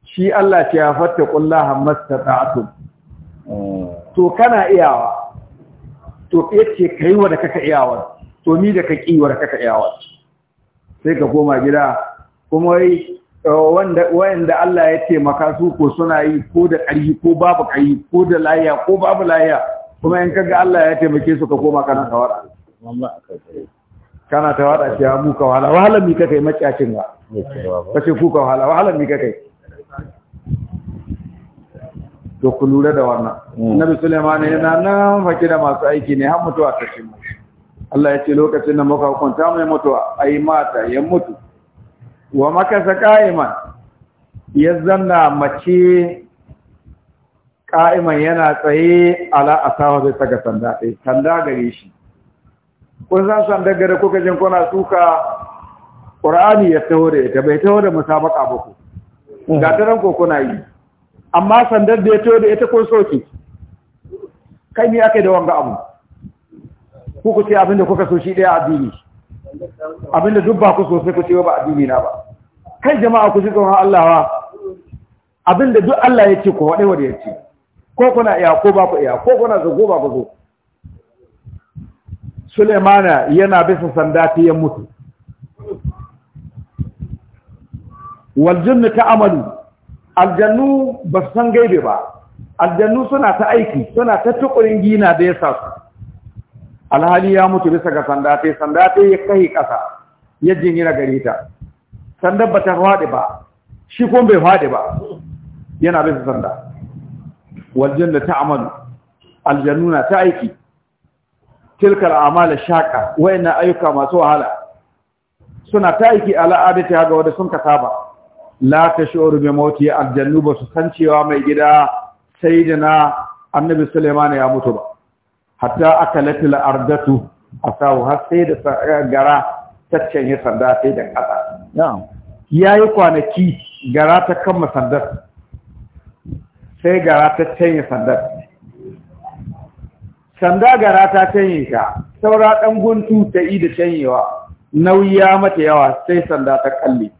shi Allah ce ya ƙulla hamas ta mastata'tum to kana iyawa to ka yi wa da kaka iyawa to ni da ƙi wa da kaka iyawa sai ka koma gida kuma yi eh, wanda Allah ya taimaka su ko suna yi ko da ƙarfi ko babu ƙarfi ko da layya ko babu layya kuma in kaga Allah ya taimake su ka koma kana kawar kana ta wada cewa mu ka wahala mi kakai makyacin ba kace ku ka wahala mi kakai to ku lura da wannan hmm. annabi Sulaiman yana nan fake da masu aiki ne har mutuwa ta shi Allah ya ce lokacin da muka hukunta mai mutuwa ai mata ya mutu wa makasa qa'iman ya zanna mace ka'iman yana tsaye ala asawa sai ta ga sanda ɗaya sanda gare shi kun san sandar da kuka jin kuna suka Qur'ani ya taho da ita bai taho da musabaka ba ku mm. ga taron ko kuna yi amma sandar da ya taho da ita kun soke kai ne aka da wanga abu ku ce abinda kuka so shi ɗaya addini abinda duk ba ku so sai ku ce ba addini na ba kai jama'a ku ji tsoron Allah wa abinda duk Allah ya ce ku wadai wadai ya ce ko kuna iya ko ba ku iya ko kuna zo ko ba ku zo Sulemana yana bisa sanda ta yin mutu Waljin da ta amalu aljannu ba san gaibe ba aljannu suna ta aiki suna ta tukurin gina da ya sa su alhali ya mutu bisa ga sanda ta sanda ta ya kai kasa ya jinyira gare ta sanda ba ta faɗi ba shi kuma bai faɗi ba yana bisa sanda Waljin da ta amalu aljannu na ta aiki tilkar amala Shaka wayannan ayyuka masu wahala suna ta aiki ala adati ga wanda sun kasaba la tashuru bi mauti aljannu ba su san cewa mai gida sayyidina annabi sulaiman ya mutu ba hatta akalat al-ardatu asahu har sai da eh, gara taccen ya sanda sai da kasa yayi kwanaki gara ta kama sandar sai gara ta canye sandar sanda gara ta canye ka saura ɗan guntu ta yi da canyewa nauyi ya mata yawa sai sanda ta kalle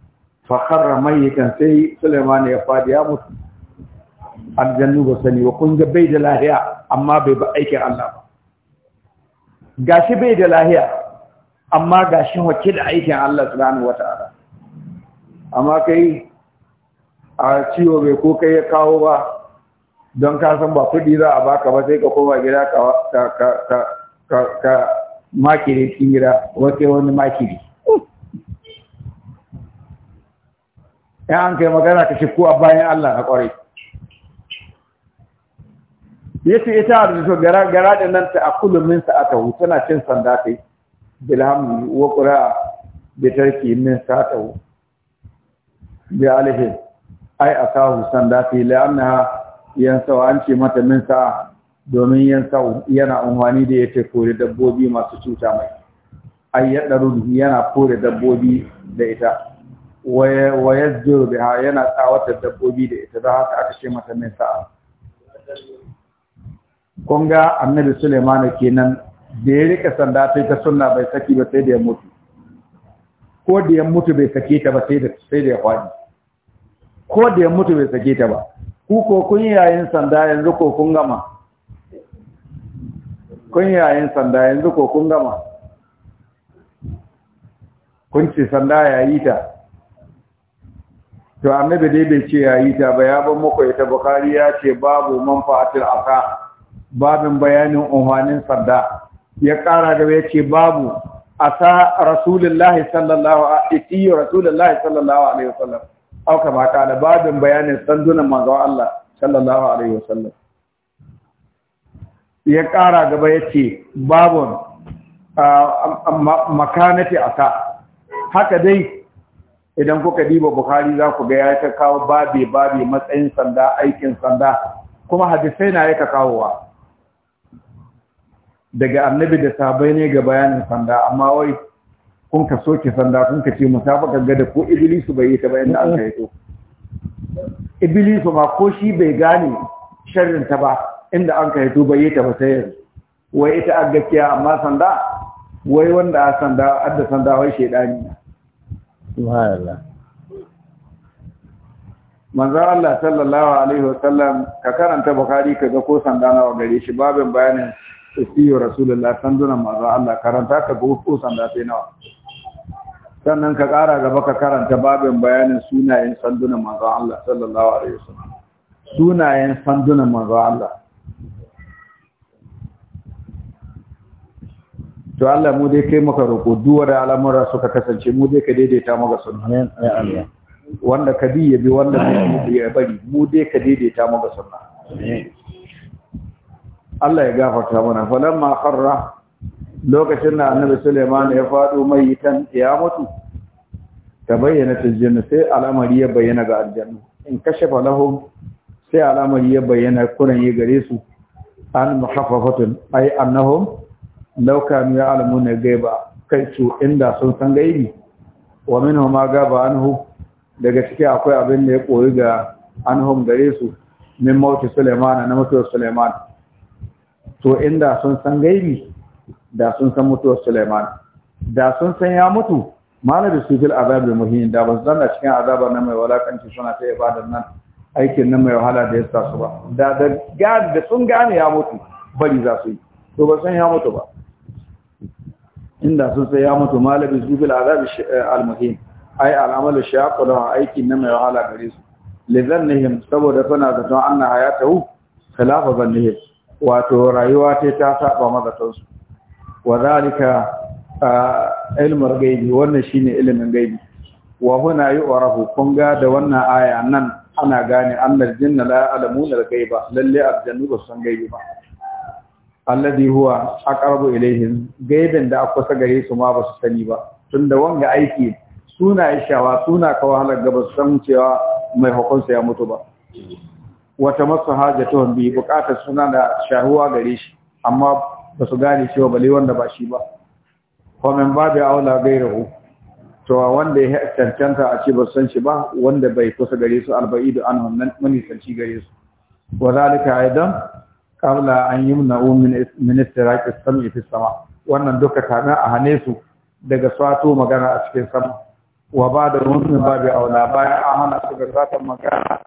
fa kharra kan sai Suleiman ya fadi ya mutu aljannu ba sani wa kun bai da lahiya amma bai ba aikin Allah ba gashi bai da lahiya amma gashi wake da aikin Allah subhanahu wataala amma kai a ciwo bai ko kai ya kawo ba don ka san ba kuɗi za a baka ba sai ka koma gida ka makiri cikin gida wace wani makiri ya an kai magana ka shiko a bayan Allah na kwarai yace ita da so gara gara da nan ta akulu min sa'ata hu tana cin sanda kai bilham wa qura bi tarki min sa'ata hu bi alihi ai akahu sanda fi la'annaha yan sau an ce mata min sa'a domin yan sau yana unwani da ya ce kore dabbobi masu cuta mai ayyar ɗarun yana kore dabbobi da ita wayar zuru ha yana tsawatar dabbobi da ita don haka aka ce mata min sa'a kun ga annabi suleimanu kenan da ya rika sanda sai ta sunna bai saki ba sai da ya mutu ko da ya mutu bai sake ta ba sai da ya kwani ko da ya mutu bai sake ta ba ku ko kun yayin sanda yanzu ko kun gama kun yayin sanda yanzu ko kun gama kun ce sanda yayi ta to annabi dai bai ce yayi ta ba ya ban muku ita bukhari ya ce babu manfa'atul aka babin bayanin umhanin sanda ya kara da ya ce babu asa rasulullahi sallallahu alaihi rasulullahi sallallahu alaihi auka ma kala babin bayanin sandunan manzo Allah sallallahu alaihi wasallam ya ƙara gaba yace babun makanati aka haka dai idan kuka diba bukhari za ku ga ya ta kawo babi babi matsayin sanda aikin sanda kuma hadisai na yaka kawowa daga annabi da sabai ne ga bayanin sanda amma wai kun ka soke sanda kun ka ce musabakar gada ko iblisu bai yi ta bayan da an ka yato iblisu ma ko shi bai gane sharrin ta ba inda an ka yato bai yi ta ba sai yanzu wai ita a gaskiya amma sanda wai wanda a sanda adda sanda wai shaidani na subhanallah manzo Allah sallallahu alaihi wa sallam ka karanta bukhari kaga ko sanda nawa gare shi babin bayanin siyo rasulullah sandunan manzan Allah karanta ka ga ko sanda sai nawa sannan ka kara gaba ka karanta babin bayanin sunayen sandunan manzo Allah sallallahu alaihi wasallam sunayen sandunan manzo Allah to Allah mu dai kai maka roƙo duwa da al'amura suka kasance mu dai ka daidaita maka Allah wanda ka bi ya bi wanda ka bi ya bari mu dai ka daidaita maka sunna Allah ya gafarta mana falamma kharra lokacin da annabi Suleiman ya fado mai tan ya mutu ta bayyana jinnu sai al'amari ya bayyana ga aljanna in kashafa lahum sai al'amari ya bayyana kuran ya gare su an muhaffafatun ay annahum law kanu ya'lamuna gaiba kai su inda sun san gaibi wa minhum ma gaba anhu daga ciki akwai abin da ya koyi ga anhum gare su min mauti Suleiman na mutuwar Suleiman to inda sun san gaibi da sun san mutuwar Sulaiman da sun san ya mutu mana da fil azabil muhin da ba su zanna cikin azaba na mai walakanci suna ta ibadar nan aikin nan mai wahala da ya sa su ba da da da sun gane ya mutu bari za su yi to ba san ya mutu ba inda sun san ya mutu su da azab eh, al muhin ai amal shaq da aikin nan mai wahala gare su lidannihim saboda da to anna hayatahu khilafa zannihim wato rayuwa ce ta saba mazatansu wa zalika ilmul gaibi wannan shine ilimin gaibi wa huna yu'rafu kun ga da wannan aya nan ana gane annal jinna la ya'lamuna al-ghaiba lalle aljannu ba san gaibi ba alladhi huwa aqrabu ilayhim gaibin da akwai sa gare su ma ba su sani ba tunda wanga aiki suna ishawa suna kawo halar gaba san cewa mai hukunsa ya mutu ba wata masu hajjatuhun bi bukatar suna da shahuwa gare shi amma ba su gane cewa bale wanda ba shi ba kwamen babu aula gairu to wanda ya cancanta a ce ba san shi ba wanda bai kusa gare su alba'idu da anhum nan sanci gare su wa zalika aidan qabla an yumna min min istiraq as-sam'i fi sama wannan duka kana a hane su daga swato magana a cikin sama wa ba da wannan babu aula bayan an hana su ga satan magana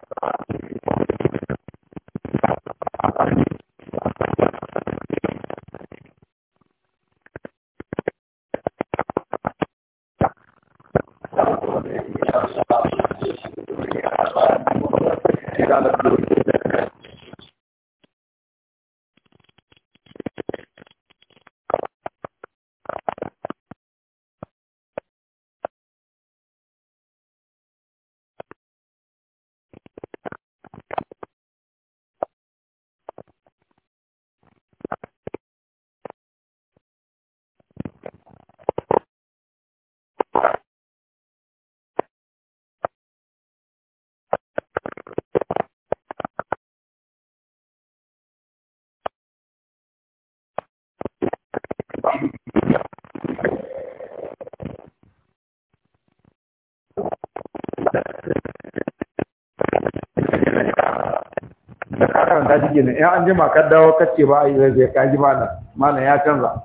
ta shi kenan in an jima ka dawo ka ce ba a yi zai ka ji malam mana ya canza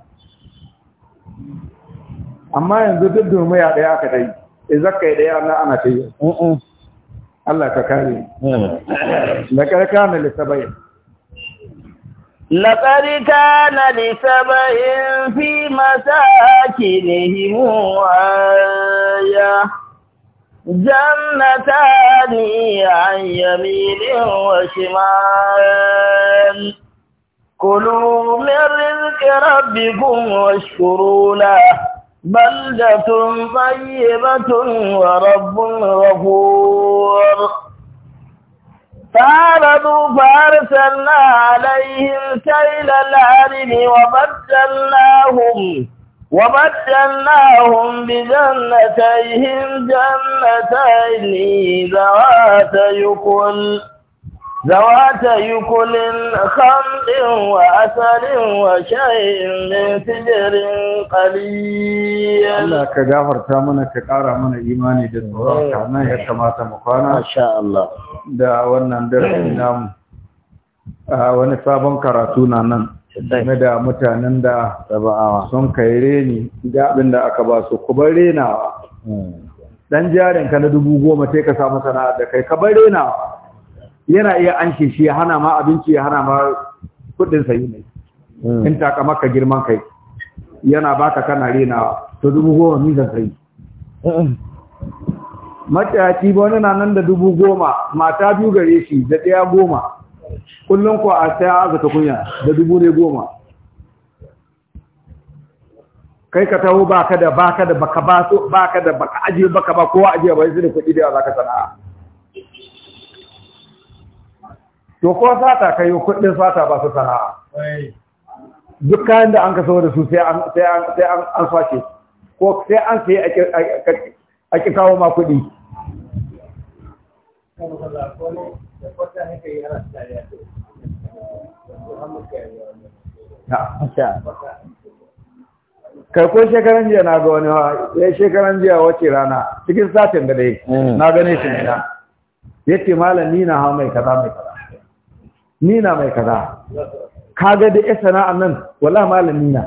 amma yanzu duk durmiya ɗaya aka ta yi idan ka yi ɗaya ana ana ta yi Allah ka kare mm. Na karka na lissabai لقد كان لسبع في مساكنهم آية جنتان عن يمين وشمال كلوا من رزق ربكم واشكروا له بلدة طيبة ورب غفور فعرضوا فأرسلنا عليهم سيل العرم وبدلناهم وبدلناهم بجنتيهم جنتين ذوات يكل ذوات يكل خمط وأسل وشيء من سجر قليل الله كجافر تامنا كقارا من إيماني دلوقتي عنا يتمات مقانا ما شاء الله دا ونندر نام wani sabon karatu na nan game da mutanen da sun kai reni ga abin da aka ba su ku bar renawa hmm. dan jarin ka na dubu goma sai ka samu sana'ar da kai ka bar renawa yana iya an shi ya hana ma abinci ya hana ma kudin sayi ne hmm. in taka maka girman kai yana baka kana renawa to dubu goma nisa sayi hmm. matsayaci ba wani na nan da dubu goma mata biyu gare shi da ɗaya goma kullum ko a sai a ta kunya da dubu ne goma kai ka taho baka da baka da baka ba so baka da baka aje baka ba kowa aje ba yanzu da kuɗi da za ka sana'a to ko sata kai kuɗin sata ba su sana'a duk kayan da an ka saboda su sai an sai an sai an sace ko sai an sai a ki kawo ma kuɗi kai ko shekaran jiya na ga wani ya eh, shekaran jiya wace rana cikin satin da dai mm. na gane shi ne na ya ce malam nina ha mai kaza mai kaza nina mai kaza ka ga da ya sana'an nan wala malam nina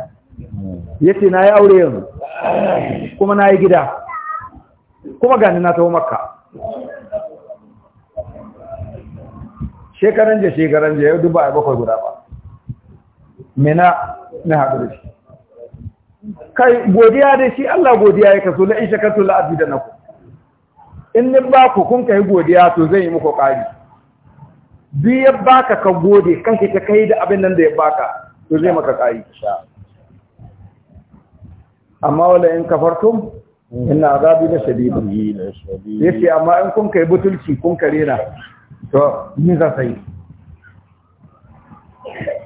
ya ce na yi aure yanzu kuma na yi gida kuma gani na taho makka shekaran da shekaran je yau duk ba a bakwai guda ba mina na haɗu da shi kai godiya da shi Allah godiya ya kaso la in shakartu la abida naku in ni ba ku kun kai godiya to zan yi muku ƙari bi ya baka ka gode kan ka kai da abin nan da ya baka to zai maka ƙari amma wala in ka kafartum ina azabi la shadid yace amma in kun kai butulci kun kare na to ni za ka yi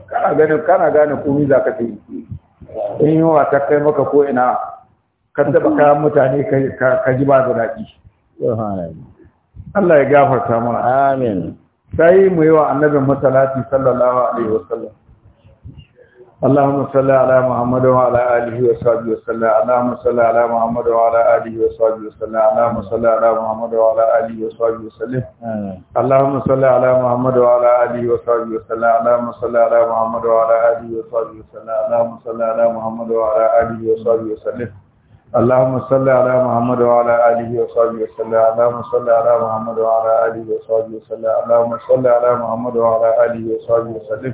kana gane kana ko ni za ka yi in yi wa ta kai maka ko ina kan taba kayan mutane ka ji ba da daɗi Allah ya gafarta mana amin sai mu yi wa annabin masalati sallallahu alaihi wasallam اللهم صل على محمد وعلى اله وصحبه وسلم اللهم صل على محمد وعلى اله وصحبه وسلم اللهم صل على محمد وعلى اله وصحبه وسلم اللهم صل على محمد وعلى اله وصحبه وسلم اللهم صل على محمد وعلى اله وصحبه وسلم اللهم صل على محمد وعلى اله وصحبه وسلم اللهم صل على محمد وعلى اله وصحبه وسلم اللهم صل على محمد وعلى اله وصحبه وسلم اللهم صل على محمد وعلى اله وصحبه وسلم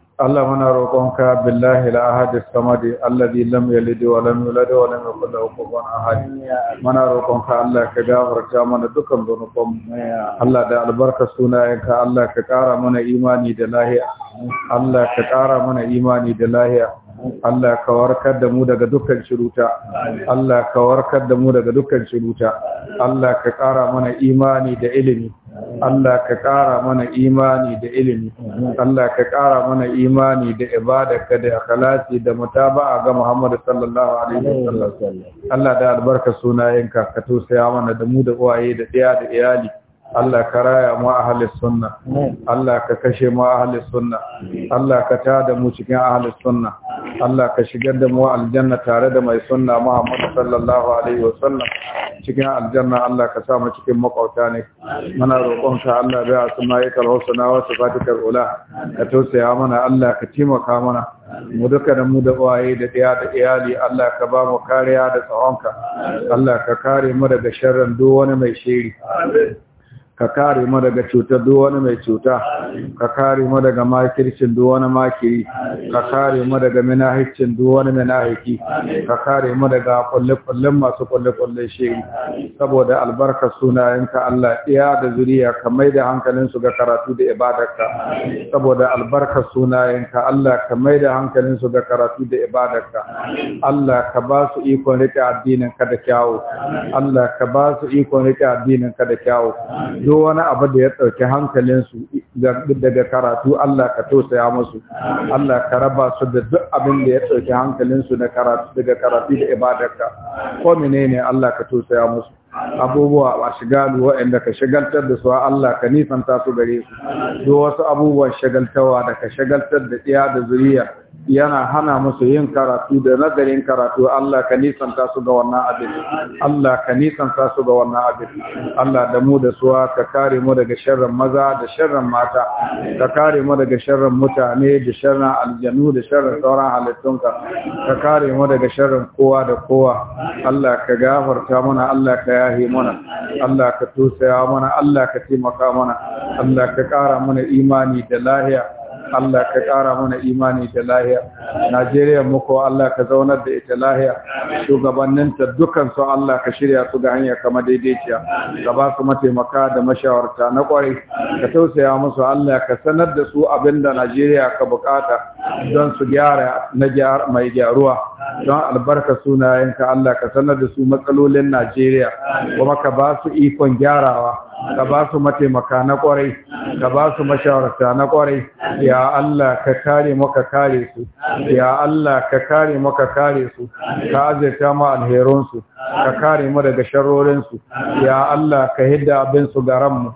Allah muna roƙonka billahi al-ahad as-samad alladhi lam yalid wa lam yulad wa lam yakul lahu kufuwan ahad muna roƙonka Allah ka gafarta mana dukan zunuban Allah da albarka sunayenka Allah ka ƙara mana imani da lahiya Allah ka ƙara mana imani da lahiya Allah ka warkar da mu daga dukkan shiruta Allah ka warkar da mu daga dukkan shiruta Allah ka ƙara mana imani da ilimi Allah ka ƙara mana imani da ilimi Allah ka ƙara mana imani da ibada. ibadarka da akhlasi da mutaba'a ga Muhammad sallallahu alaihi wasallam Allah da albarka sunayenka ka tausaya mana da mu da uwaye da ɗaya da iyali Allah ka raya mu ahalis sunna Allah ka kashe mu ahalis sunna Allah ka tada mu cikin ahalis sunna Allah ka shigar da mu aljanna tare da mai sunna Muhammad sallallahu alaihi wasallam cikin aljanna Allah ka sa mu cikin makauta ne muna roƙon ka Allah bai asma'ikal husna wa sifatikal ula ka tausaya mana Allah ka taimaka mana mu duka da mu da waye da ɗaya da iyali Allah ka ba mu kariya da tsawonka Allah ka kare mu daga sharrin duk wani mai shiri ka kare mu daga cutar duk wani mai cuta ka kare mu daga makircin duk wani makiri ka kare mu daga minahicin duk wani minahiki ka kare mu daga kullukullun masu kullukullun shiri saboda albarka sunayenka Allah iya da zuriya ka mai da hankalin su ga karatu da ibadarka saboda albarka sunayenka Allah ka mai da hankalin su ga karatu da ibadarka Allah ka ba su ikon rike addinin ka da kyawu Allah ka ba su ikon rike addinin ka da kyawu duk wani abu da ya ɗauki hankalinsu daga karatu Allah ka tausaya musu Allah ka raba su da duk abin da ya ɗauki hankalinsu na karatu daga karatu da ibadarka ko menene Allah ka tausaya musu abubuwa ba shigalu waɗanda ka shagaltar da su Allah ka nisanta su gare su duk wasu abubuwan shagaltawa da ka shagaltar da iya da zuriya yana hana musu yin karatu da nazarin karatu Allah ka nisanta su ga wannan abin Allah ka nisanta su ga wannan abin Allah da mu da suwa ka kare mu daga sharrin maza da sharrin mata ka kare mu daga sharrin mutane da sharrin aljanu da sharrin sauran halittunka ka kare mu daga sharrin kowa da kowa Allah ka gafarta mana Allah ka yahi mana Allah ka tusaya mana Allah ka taimaka mana Allah ka kara mana imani da lahiya Allah ka ƙara mana imani da lahiya Najeriya muku Allah ka zaunar da ita lahiya shugabanninta dukansu Allah ka shirya su ga hanya kama daidaiciya ka ba su mataimaka da mashawarta na kwarai ka tausaya musu Allah ka sanar da su abin da Najeriya ka bukata don su gyara na mai gyaruwa don albarka sunayenka Allah ka sanar da su matsalolin Najeriya kuma ka ba su ikon gyarawa ka ba su mataimaka na kwarai ka ba su mashawarta na kwarai ya Allah ka kare maka kare su ya Allah ka kare maka kare su ka azirta ma alherun su ka kare mu daga sharrorinsu. su ya Allah ka hidda abin su garan mu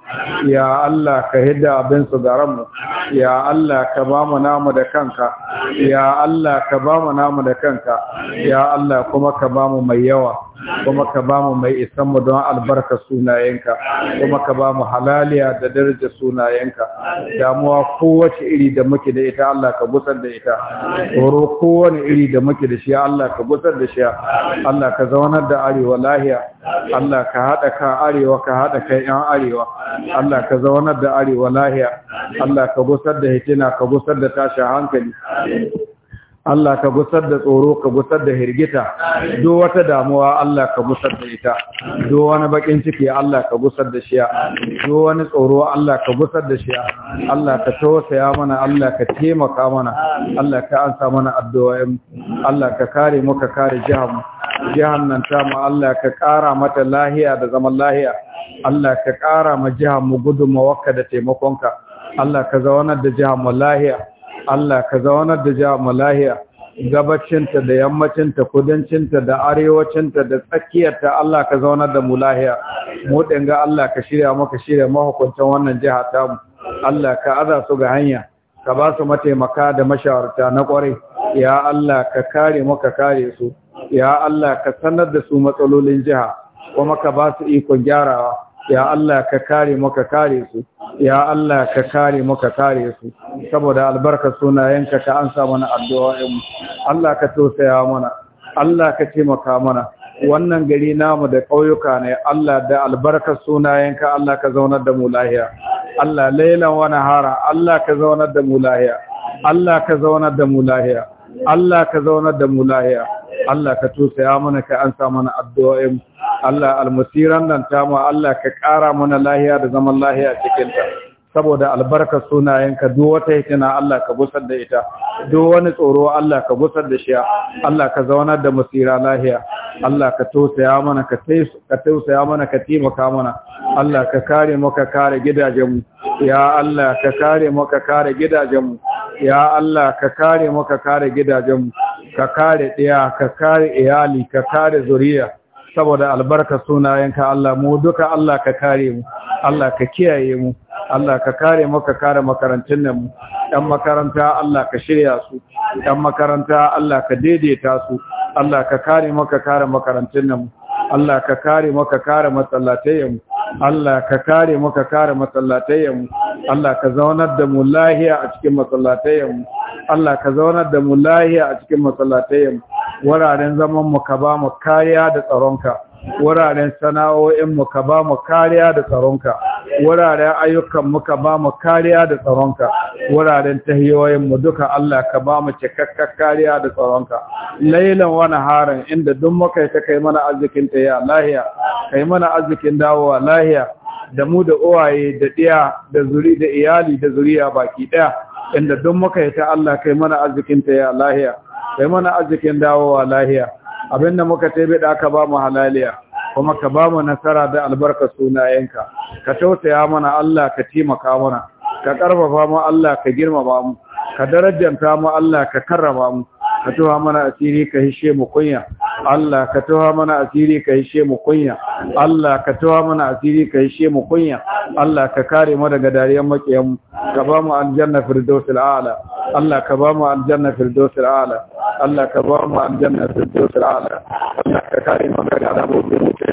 ya Allah ka hidda abin su garan mu ya Allah ka ba mu namu da kanka ya Allah ka ba mu namu da kanka ya Allah kuma ka ba mu mai yawa kuma ka ba mu mai isan mu don albarka sunayenka kuma ka ba mu halaliya da daraja sunayenka damuwa kowace iri da muke da ita Allah ka gusar da ita tsoro kowane iri da muke da shi Allah ka gusar da shi Allah ka zaunar da arewa lahiya Allah ka haɗa ka arewa ka haɗa kai yan arewa Allah ka zaunar da arewa lahiya Allah ka gusar da hitina ka gusar da tashin hankali Allah ka gusar da tsoro ka gusar da hirgita do wata damuwa Allah ka gusar da ita do wani bakin ciki Allah ka gusar da shi do wani tsoro Allah ka gusar da shi Allah ka tausaya mana Allah ka taimaka mana Allah ka ansa mana addu'o'in Allah ka kare mu ka kare jihar nan ta mu Allah ka kara mata lahiya da zaman lahiya Allah ka kara ma jiharmu mu gudunmawarka da taimakonka Allah ka zauna da jiharmu mu lahiya Allah ka zaunar da ja malahiya gabacinta da yammacinta kudancinta da arewacinta da tsakiyarta Allah ka zaunar da mu lahiya mu dinga Allah ka shirya maka shirya mahukuntan wannan jiha ta mu Allah ka aza su ga hanya ka ba su mataimaka da mashawarta na kwarai ya Allah ka kare maka kare su ya Allah ka sanar da su matsalolin jiha kuma ka ba su ikon gyarawa ya Allah ka kare mu ka kare su ya Allah ka kare mu ka kare su saboda albarka sunayenka ka ansa mana addu'o'in mu Allah ka tausaya mana Allah ka taimaka mana wannan gari namu da ƙauyuka ne Allah da albarka sunayenka Allah ka zaunar da mu lahiya Allah laylan wa nahara Allah ka zaunar da mu lahiya Allah ka zaunar da mu lahiya Allah ka zaunar da mu lahiya Allah ka ya mana ka ansa mana addu'o'in Allah almusiran dan ta mu Allah ka ƙara mana lahiya da zaman lahiya cikin ta saboda albarkar ka duk wata hitina Allah ka busar da ita duk wani tsoro Allah ka busar da shi Allah ka zaunar da musira lahiya Allah ka tausaya mana ka tausaya mana ka taimaka mana Allah ka kare mu ka kare gidajenmu ya Allah ka kare mu ka kare gidajenmu ya Allah ka kare mu ka kare gidajenmu ka kare ɗaya ka kare iyali ka kare zuriya saboda albarka sunayenka Allah mu duka Allah ka kare mu Allah ka kiyaye mu Allah ka kare mu ka kare makarantun nan mu ɗan makaranta Allah ka shirya su ɗan makaranta Allah ka daidaita su Allah ka kare mu ka kare makarantun nan mu Allah ka kare mu ka kare masallatai mu Allah ka kare mu ka kare masallatayen mu Allah ka zaunar da mu lahiya a cikin masallatayen mu Allah ka zaunar da mu lahiya a cikin masallatayen mu wuraren zaman mu ka ba mu kariya da tsaronka wuraren sana'o'in mu ka ba mu kariya da tsaronka wuraren ayyukan mu ka ba mu kariya da tsaronka wuraren tahiyoyin mu duka Allah ka ba mu cikakkar kariya da tsaronka lailan wa naharan inda duk muka ta kai mana arzikin ta ya lahiya kai mana arzikin dawowa lahiya da mu da uwaye da diya da zuri da iyali da zuriya baki ɗaya inda duk muka yi ta Allah kai mana arzikin ta ya lahiya kai mana arzikin dawowa lahiya abinda muka tebe da ka ba mu halaliya kuma ka ba mu nasara da albarka sunayenka ka tausaya mana Allah ka taimaka mana ka karfafa mu Allah ka girmama mu ka darajanta mu Allah ka karrama mu ka tuha mana asiri ka hishe mu kunya Allah ka tawa mana asiri ka ishe mu kunya Allah ka tawa mana asiri ka ishe mu kunya Allah ka kare mu daga dariyan makiyan ka ba mu aljanna firdausil a'la Allah ka ba mu aljanna firdausil a'la Allah ka ba mu aljanna firdausil a'la Allah ka kare mu daga dariyan makiyan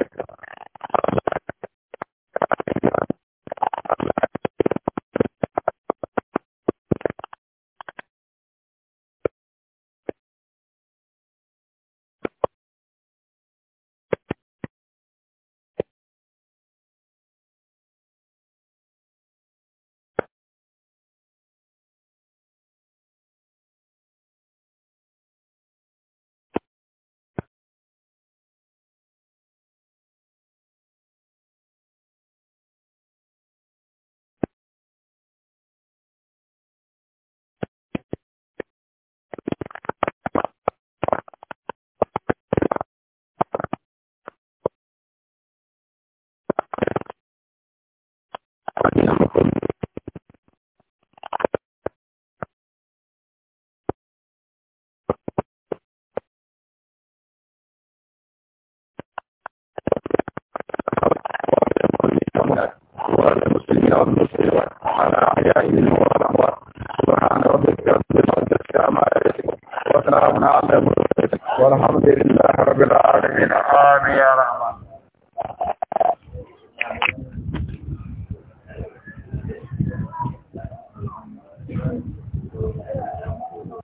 الأموات والمسلمين والمسلمات على أحيائهم والأموات سبحان ربك رب العزة عما يصفون وسلام على المرسلين والحمد لله رب العالمين